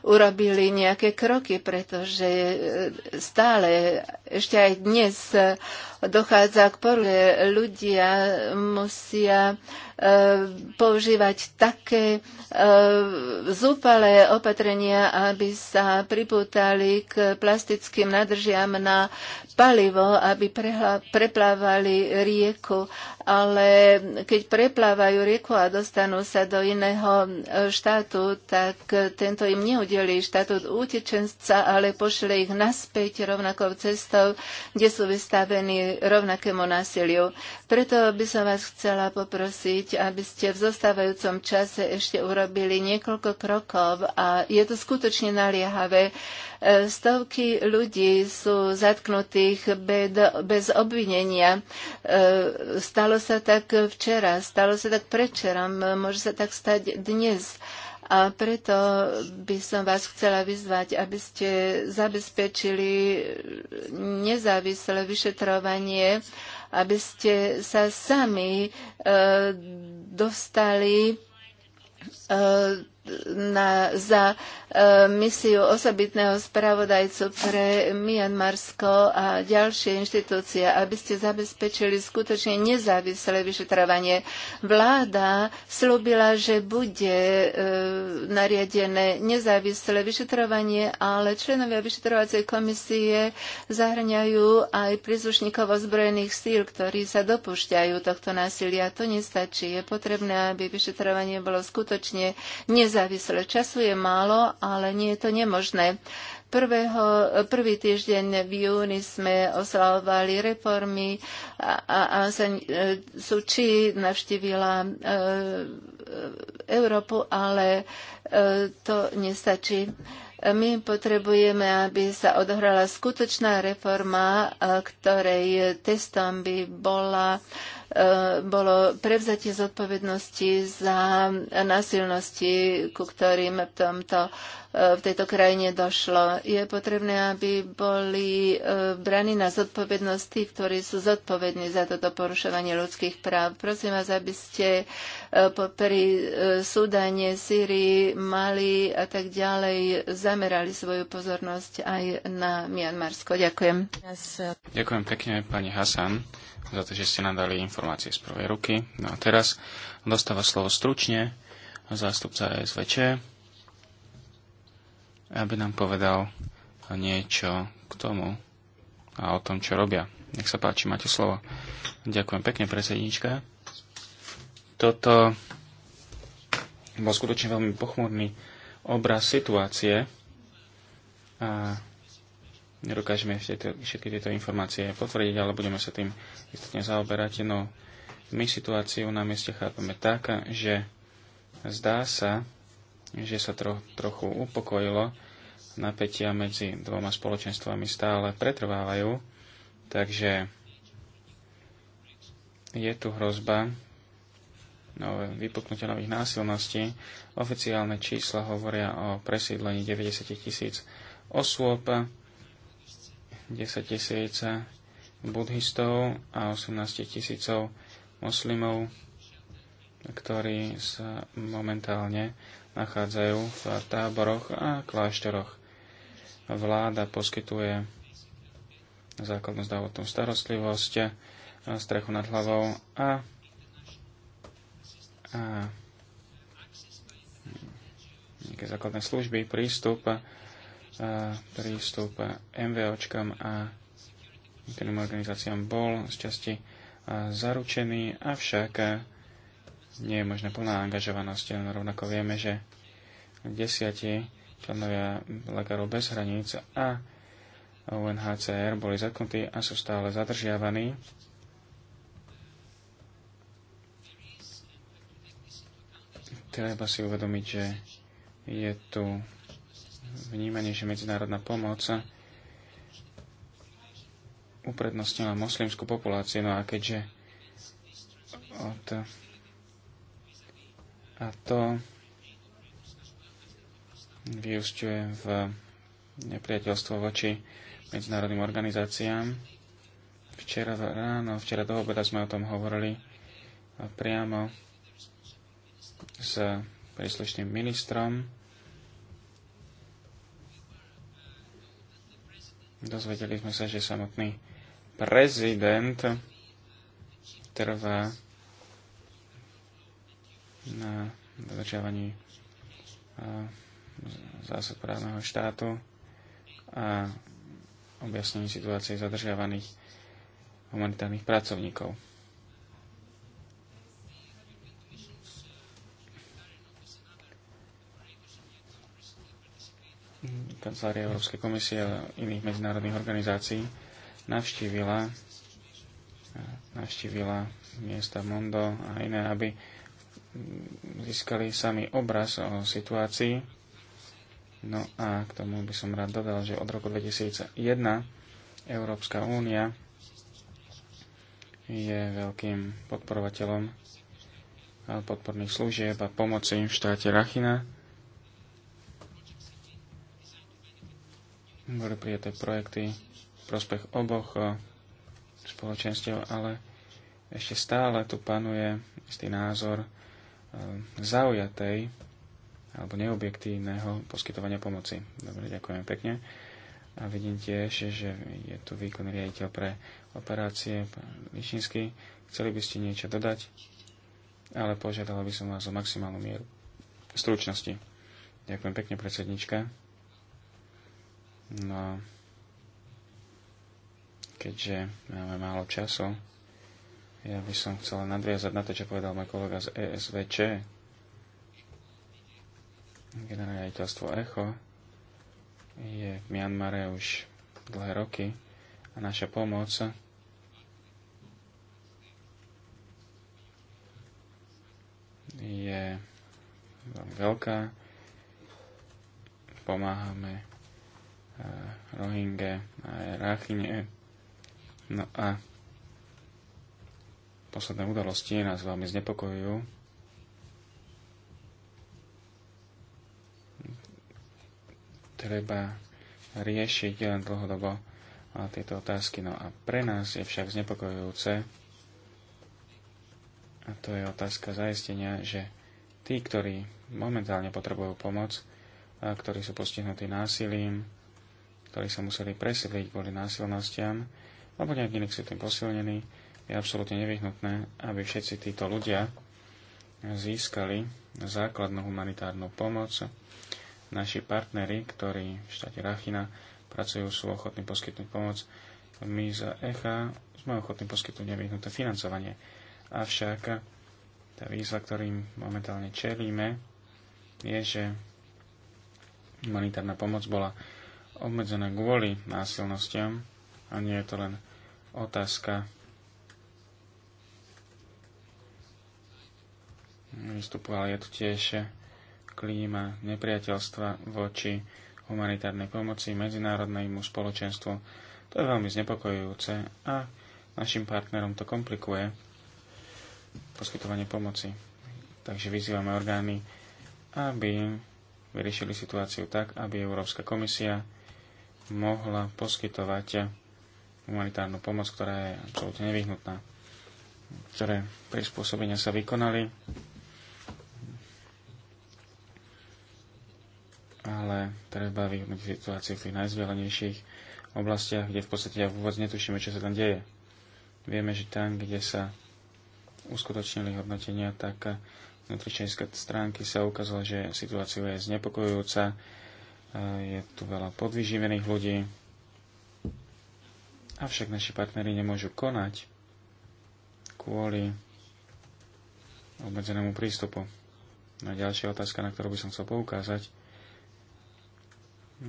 [SPEAKER 1] urobili nejaké kroky, pretože e, stále, ešte aj dnes dochádza k že Ľudia musia e, používať také e, opatrenia, aby sa pripútali k plastickým nadržiam na palivo, aby preplávali rieku ale keď preplávajú rieku a dostanú sa do iného e, štátu, tak tento im neudelí štatút utečenca, ale pošle ich naspäť rovnakou cestou, kde sú vystavení rovnakému násiliu. Preto by som vás chcela poprosiť, aby ste v zostávajúcom čase ešte urobili niekoľko krokov a je to skutočne naliehavé. E, stovky ľudí sú zatknutých bez obvinenia. E, stalo Stalo sa tak včera, stalo sa tak predčerom, môže sa tak stať dnes. A preto by som vás chcela vyzvať, aby ste zabezpečili nezávislé vyšetrovanie, aby ste sa sami e, dostali e, na, za e, misiu osobitného spravodajcu pre Mianmarsko a ďalšie inštitúcie, aby ste zabezpečili skutočne nezávislé vyšetrovanie. Vláda slúbila, že bude e, nariadené nezávislé vyšetrovanie, ale členovia vyšetrovacej komisie zahrňajú aj príslušníkov ozbrojených síl, ktorí sa dopúšťajú tohto násilia. To nestačí. Je potrebné, aby vyšetrovanie bolo skutočne nezávislé nezávisle. Času je málo, ale nie je to nemožné. Prvého, prvý týždeň v júni sme oslavovali reformy a, a, a sa, e, Suči navštívila e, Európu, ale e, to nestačí. My potrebujeme, aby sa odohrala skutočná reforma, e, ktorej testom by bola e, E, bolo prevzatie zodpovednosti za násilnosti, ku ktorým v, tomto, e, v tejto krajine došlo. Je potrebné, aby boli e, braní na zodpovednosť tí, ktorí sú zodpovední za toto porušovanie ľudských práv. Prosím vás, aby ste pri Súdane, Syrii, Mali a tak ďalej zamerali svoju pozornosť aj na Mianmarsko. Ďakujem.
[SPEAKER 2] Ďakujem pekne, pani Hasan za to, že ste nám dali informácie z prvej ruky. No a teraz dostáva slovo stručne zástupca SVČ, aby nám povedal niečo k tomu a o tom, čo robia. Nech sa páči, máte slovo. Ďakujem pekne, predsednička. Toto bol skutočne veľmi pochmurný obraz situácie a nedokážeme všetky tieto informácie potvrdiť, ale budeme sa tým istotne zaoberať. No, my situáciu na mieste chápame tak, že zdá sa, že sa tro, trochu upokojilo, napätia medzi dvoma spoločenstvami stále pretrvávajú, takže je tu hrozba no, vypuknutia nových násilností. Oficiálne čísla hovoria o presídlení 90 tisíc osôb 10 tisíc buddhistov a 18 tisícov moslimov, ktorí sa momentálne nachádzajú v táboroch a kláštoroch. Vláda poskytuje základnú zdravotnú starostlivosť, strechu nad hlavou a, a nejaké základné služby, prístup prístup MVOčkom a niektorým organizáciám bol z časti zaručený, avšak nie je možná plná angažovanosť. Rovnako vieme, že desiatí členovia Lekárov bez hraníc a UNHCR boli zatknutí a sú stále zadržiavaní. Treba si uvedomiť, že je tu vnímanie, že medzinárodná pomoc uprednostnila moslimskú populáciu. No a keďže od a to vyústiuje v nepriateľstvo voči medzinárodným organizáciám. Včera ráno, včera do obeda sme o tom hovorili priamo s príslušným ministrom Dozvedeli sme sa, že samotný prezident trvá na dodržiavaní zásad právneho štátu a objasnení situácie zadržiavaných humanitárnych pracovníkov. kancelárie Európskej komisie a iných medzinárodných organizácií navštívila, navštívila miesta Mondo a iné, aby získali sami obraz o situácii. No a k tomu by som rád dodal, že od roku 2001 Európska únia je veľkým podporovateľom podporných služieb a pomoci v štáte Rachina boli prijaté projekty v prospech oboch eh, spoločenstiev, ale ešte stále tu panuje istý názor eh, zaujatej alebo neobjektívneho poskytovania pomoci. Dobre, ďakujem pekne. A vidím tiež, že je tu výkonný riaditeľ pre operácie, pán Lišinsky. Chceli by ste niečo dodať, ale požiadala by som vás o maximálnu mieru stručnosti. Ďakujem pekne, predsednička. No, keďže máme málo času, ja by som chcel nadviazať na to, čo povedal môj kolega z ESVČ, generálne riaditeľstvo ECHO, je v Mianmare už dlhé roky a naša pomoc je veľmi veľká. Pomáhame Rohinge aj Rachine. No a posledné udalosti nás veľmi znepokojujú. Treba riešiť len dlhodobo tieto otázky. No a pre nás je však znepokojujúce, a to je otázka zaistenia, že tí, ktorí momentálne potrebujú pomoc, a ktorí sú postihnutí násilím, ktorí sa museli presedliť kvôli násilnostiam alebo nejak inak sú tým posilnení, je absolútne nevyhnutné, aby všetci títo ľudia získali základnú humanitárnu pomoc. Naši partnery, ktorí v štáte Rachina pracujú, sú ochotní poskytnúť pomoc. My za ECHA sme ochotní poskytnúť nevyhnuté financovanie. Avšak tá výzva, ktorým momentálne čelíme, je, že humanitárna pomoc bola obmedzené kvôli násilnostiam a nie je to len otázka ale je tu tiež klíma nepriateľstva voči humanitárnej pomoci medzinárodnému spoločenstvu. To je veľmi znepokojujúce a našim partnerom to komplikuje poskytovanie pomoci. Takže vyzývame orgány, aby vyriešili situáciu tak, aby Európska komisia mohla poskytovať humanitárnu pomoc, ktorá je absolútne nevyhnutná. Ktoré prispôsobenia sa vykonali, ale treba vyhnúť situácie v tých najzvielenejších oblastiach, kde v podstate ja vôbec netušíme, čo sa tam deje. Vieme, že tam, kde sa uskutočnili hodnotenia, tak vnútričenské stránky sa ukázalo, že situácia je znepokojujúca, Eh, je tu veľa podvyživených ľudí, avšak naši partnery nemôžu konať kvôli obmedzenému prístupu. A ďalšia otázka, na ktorú by som chcel poukázať,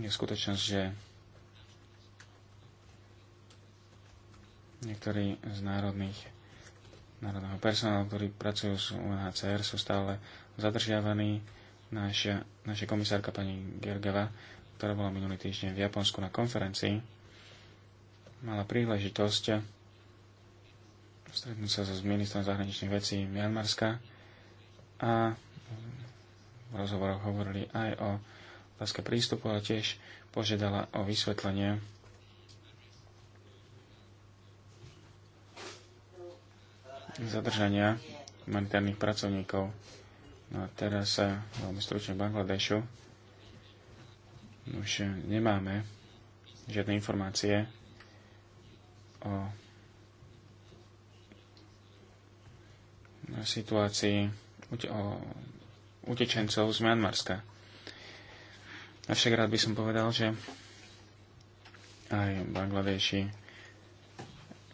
[SPEAKER 2] je skutočnosť, že niektorí z národných národného personálu, ktorí pracujú s UNHCR, sú stále zadržiavaní naša, naša komisárka pani Gergeva, ktorá bola minulý týždeň v Japonsku na konferencii, mala príležitosť stretnúť sa so ministrom zahraničných vecí Mianmarska a v rozhovoroch hovorili aj o otázke prístupu, ale tiež požiadala o vysvetlenie zadržania humanitárnych pracovníkov No a teraz sa veľmi stručne v Bangladešu už nemáme žiadne informácie o situácii o utečencov z Mianmarska. Avšak rád by som povedal, že aj v Bangladeši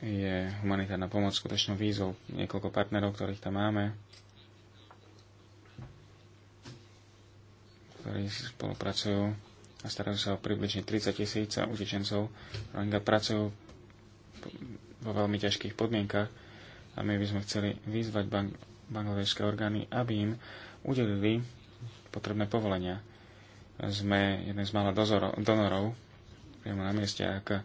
[SPEAKER 2] je humanitárna pomoc skutočnou výzvou. Niekoľko partnerov, ktorých tam máme, ktorí spolupracujú a starajú sa o približne 30 tisíc utečencov. Rohingya pracujú vo veľmi ťažkých podmienkach a my by sme chceli vyzvať bang- bangladešské orgány, aby im udelili potrebné povolenia. Sme jeden z mála donorov priamo na mieste, ak e,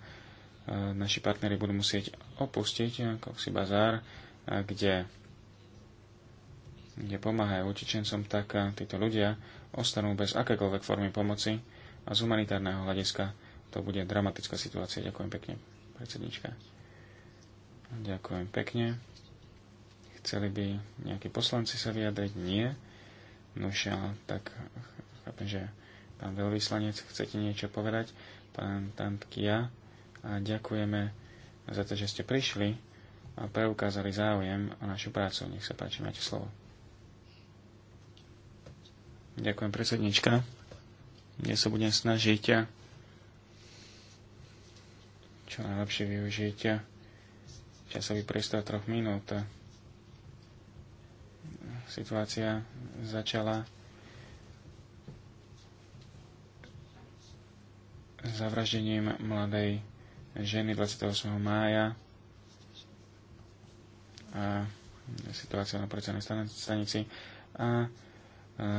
[SPEAKER 2] naši partnery budú musieť opustiť si Bazár, e, kde kde pomáhajú utečencom, tak e, títo ľudia ostanú bez akékoľvek formy pomoci a z humanitárneho hľadiska to bude dramatická situácia. Ďakujem pekne, predsednička. Ďakujem pekne. Chceli by nejakí poslanci sa vyjadriť? Nie. No tak chápem, že pán veľvyslanec, chcete niečo povedať? Pán Tantkia, a ďakujeme za to, že ste prišli a preukázali záujem o našu prácu. Nech sa páči, máte slovo. Ďakujem, predsednička. Dnes sa budem snažiť čo najlepšie využiť časový priestor troch minút. Situácia začala zavraždením mladej ženy 28. mája a situácia na policajnej stanici a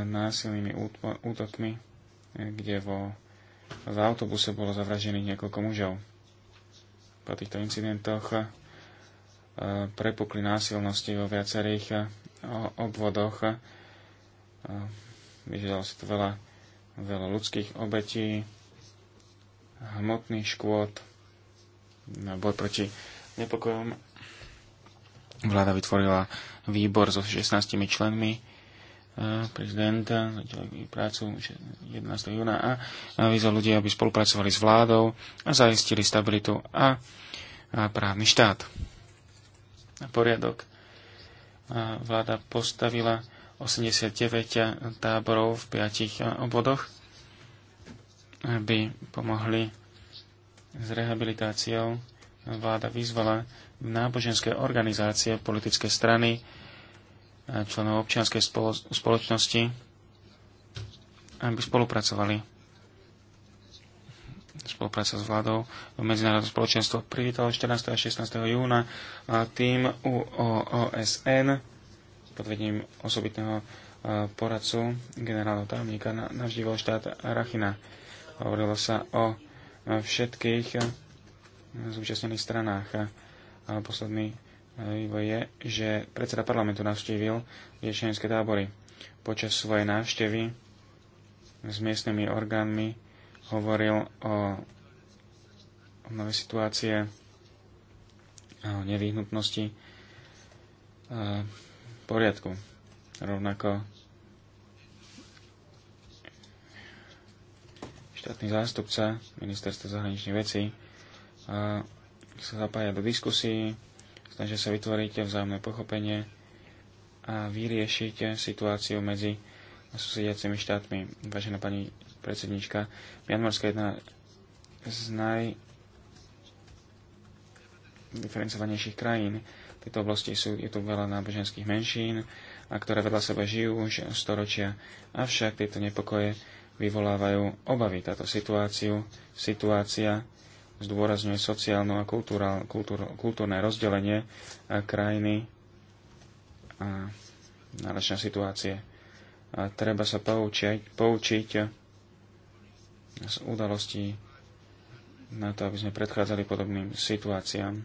[SPEAKER 2] násilnými útokmi, eh, kde vo, v autobuse bolo zavražených niekoľko mužov. Po týchto incidentoch eh, prepukli násilnosti vo viacerých eh, obvodoch. Vyžiadalo si to veľa, veľa ľudských obetí, hmotných škôd, boj proti nepokojom. Vláda vytvorila výbor so 16 členmi, prezidenta prácu 11. júna a vyzval ľudí, aby spolupracovali s vládou a zaistili stabilitu a, právny štát a poriadok. vláda postavila 89 táborov v 5 obvodoch, aby pomohli s rehabilitáciou. Vláda vyzvala náboženské organizácie, politické strany, členov občianskej spoločnosti, aby spolupracovali. Spolupráca s vládou medzinárodné spoločenstvo privítalo 14. a 16. júna a tým UOSN pod vedením osobitného e, poradcu generálneho tajomníka navštívil štát Rachina. Hovorilo sa o e, všetkých e, zúčastnených stranách. Posledný je, že predseda parlamentu navštívil riešenské tábory. Počas svojej návštevy s miestnymi orgánmi hovoril o nové situácie a o nevyhnutnosti poriadku. Rovnako štátny zástupca ministerstva zahraničných vecí sa zapája do diskusí snažia sa vytvoriť vzájomné pochopenie a vyriešiť situáciu medzi susediacimi štátmi. Vážená pani predsednička, Mianmarska je jedna z naj diferencovanejších krajín. V tejto oblasti sú, je tu veľa náboženských menšín, a ktoré vedľa seba žijú už storočia. Avšak tieto nepokoje vyvolávajú obavy. Táto situáciu, situácia zdôrazňuje sociálne a kultúr, kultúrne rozdelenie a krajiny a náročné situácie. A treba sa poučiť, poučiť z udalostí na to, aby sme predchádzali podobným situáciám.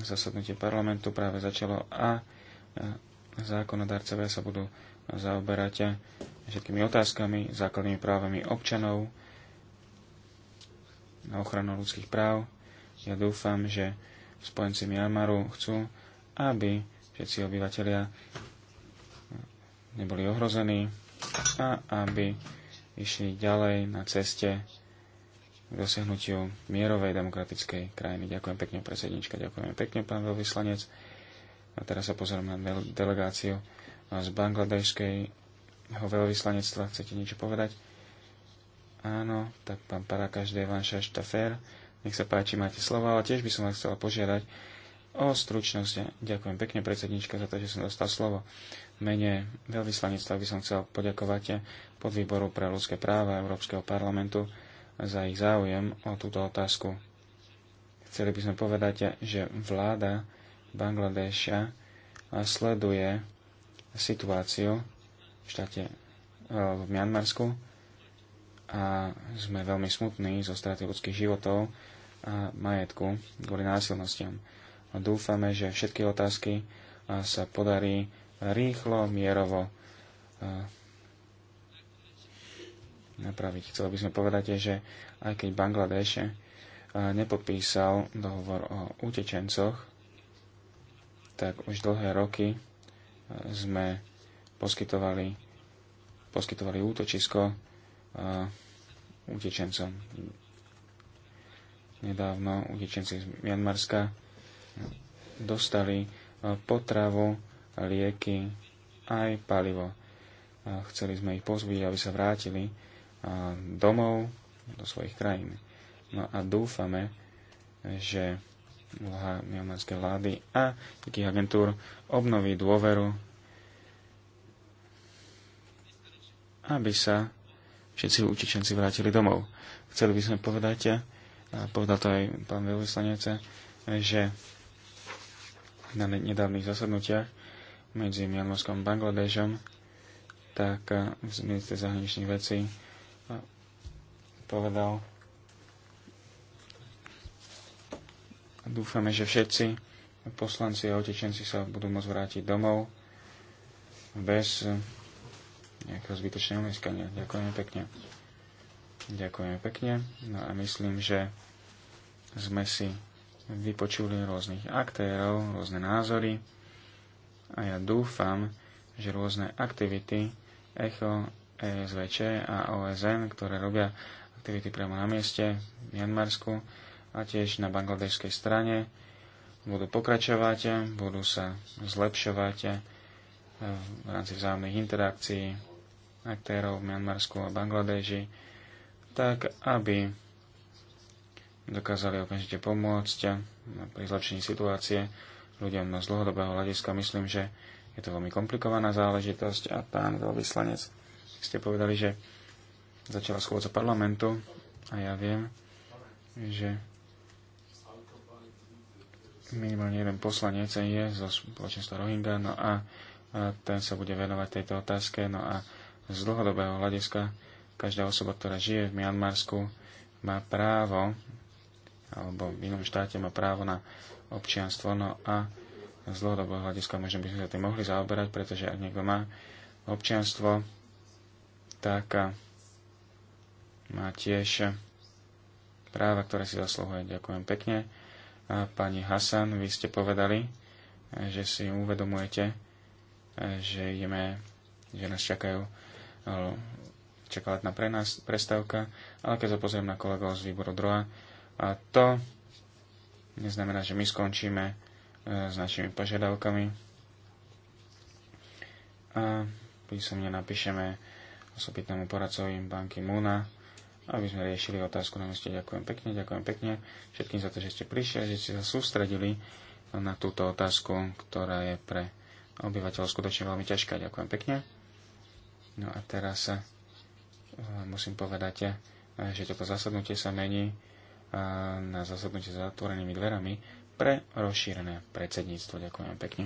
[SPEAKER 2] Zasadnutie parlamentu práve začalo a zákonodarcovia sa budú zaoberať všetkými otázkami, základnými právami občanov, na ochranu ľudských práv. Ja dúfam, že spojenci Myanmaru chcú, aby všetci obyvateľia neboli ohrození a aby išli ďalej na ceste k dosiahnutiu mierovej demokratickej krajiny. Ďakujem pekne, predsednička, ďakujem pekne, pán veľvyslanec. A teraz sa pozrieme na delegáciu z bangladejského veľvyslanectva. Chcete niečo povedať? Áno, tak pán Parakáš Devan Šaštafer, nech sa páči, máte slovo, ale tiež by som vás chcela požiadať o stručnosť. Ďakujem pekne, predsednička, za to, že som dostal slovo. Mene veľvyslanectva by som chcel poďakovať výboru pre ľudské práva Európskeho parlamentu za ich záujem o túto otázku. Chceli by sme povedať, že vláda Bangladeša sleduje situáciu v štáte v Mianmarsku a sme veľmi smutní zo straty ľudských životov a majetku kvôli násilnostiam. Dúfame, že všetky otázky sa podarí rýchlo, mierovo napraviť. Chcel by sme povedať, že aj keď Bangladeše nepodpísal dohovor o utečencoch, tak už dlhé roky sme poskytovali, poskytovali útočisko utečencom. Nedávno utečenci z Mianmarska dostali e, potravu, lieky, aj palivo. E, chceli sme ich pozbudiť, aby sa vrátili e, domov do svojich krajín. No a dúfame, že úloha mianmarskej vlády a takých agentúr obnoví dôveru, aby sa všetci utečenci vrátili domov. Chceli by sme povedať, a povedal to aj pán veľvyslanec, že na nedávnych zasadnutiach medzi Mianmarskom a Bangladežom, tak minister zahraničných vecí povedal, dúfame, že všetci poslanci a utečenci sa budú môcť vrátiť domov bez nejakého zbytočného umieskania. Ďakujeme pekne. Ďakujeme pekne. No a myslím, že sme si vypočuli rôznych aktérov, rôzne názory a ja dúfam, že rôzne aktivity ECHO, ESVČ a OSN, ktoré robia aktivity priamo na mieste v Janmarsku a tiež na bangladejskej strane, budú pokračovať, budú sa zlepšovať v rámci vzájomných interakcií, aktérov v Mianmarsku a Bangladeži, tak aby dokázali okamžite pomôcť pri zlepšení situácie ľuďom z dlhodobého hľadiska. Myslím, že je to veľmi komplikovaná záležitosť a pán veľvyslanec, ste povedali, že začala schôdza parlamentu a ja viem, že minimálne jeden poslanec je zo spoločenstva Rohingya, no a, a ten sa bude venovať tejto otázke, no a z dlhodobého hľadiska každá osoba, ktorá žije v Mianmarsku, má právo, alebo v inom štáte má právo na občianstvo, no a z dlhodobého hľadiska možno by sme sa tým mohli zaoberať, pretože ak niekto má občianstvo, tak má tiež práva, ktoré si zaslúhuje. Ďakujem pekne. A pani Hasan, vy ste povedali, že si uvedomujete, že ideme, že nás čakajú čokoládna pre nás prestávka, ale keď sa pozriem na kolegov z výboru droha, a to neznamená, že my skončíme e, s našimi požiadavkami a písomne napíšeme osobitnému poradcovi banky Múna, aby sme riešili otázku na meste. Ďakujem pekne, ďakujem pekne všetkým za to, že ste prišli, že ste sa sústredili na túto otázku, ktorá je pre obyvateľov skutočne veľmi ťažká. Ďakujem pekne. No a teraz eh, musím povedať, eh, že toto zasadnutie sa mení eh, na zasadnutie s zatvorenými dverami pre rozšírené predsedníctvo. Ďakujem pekne.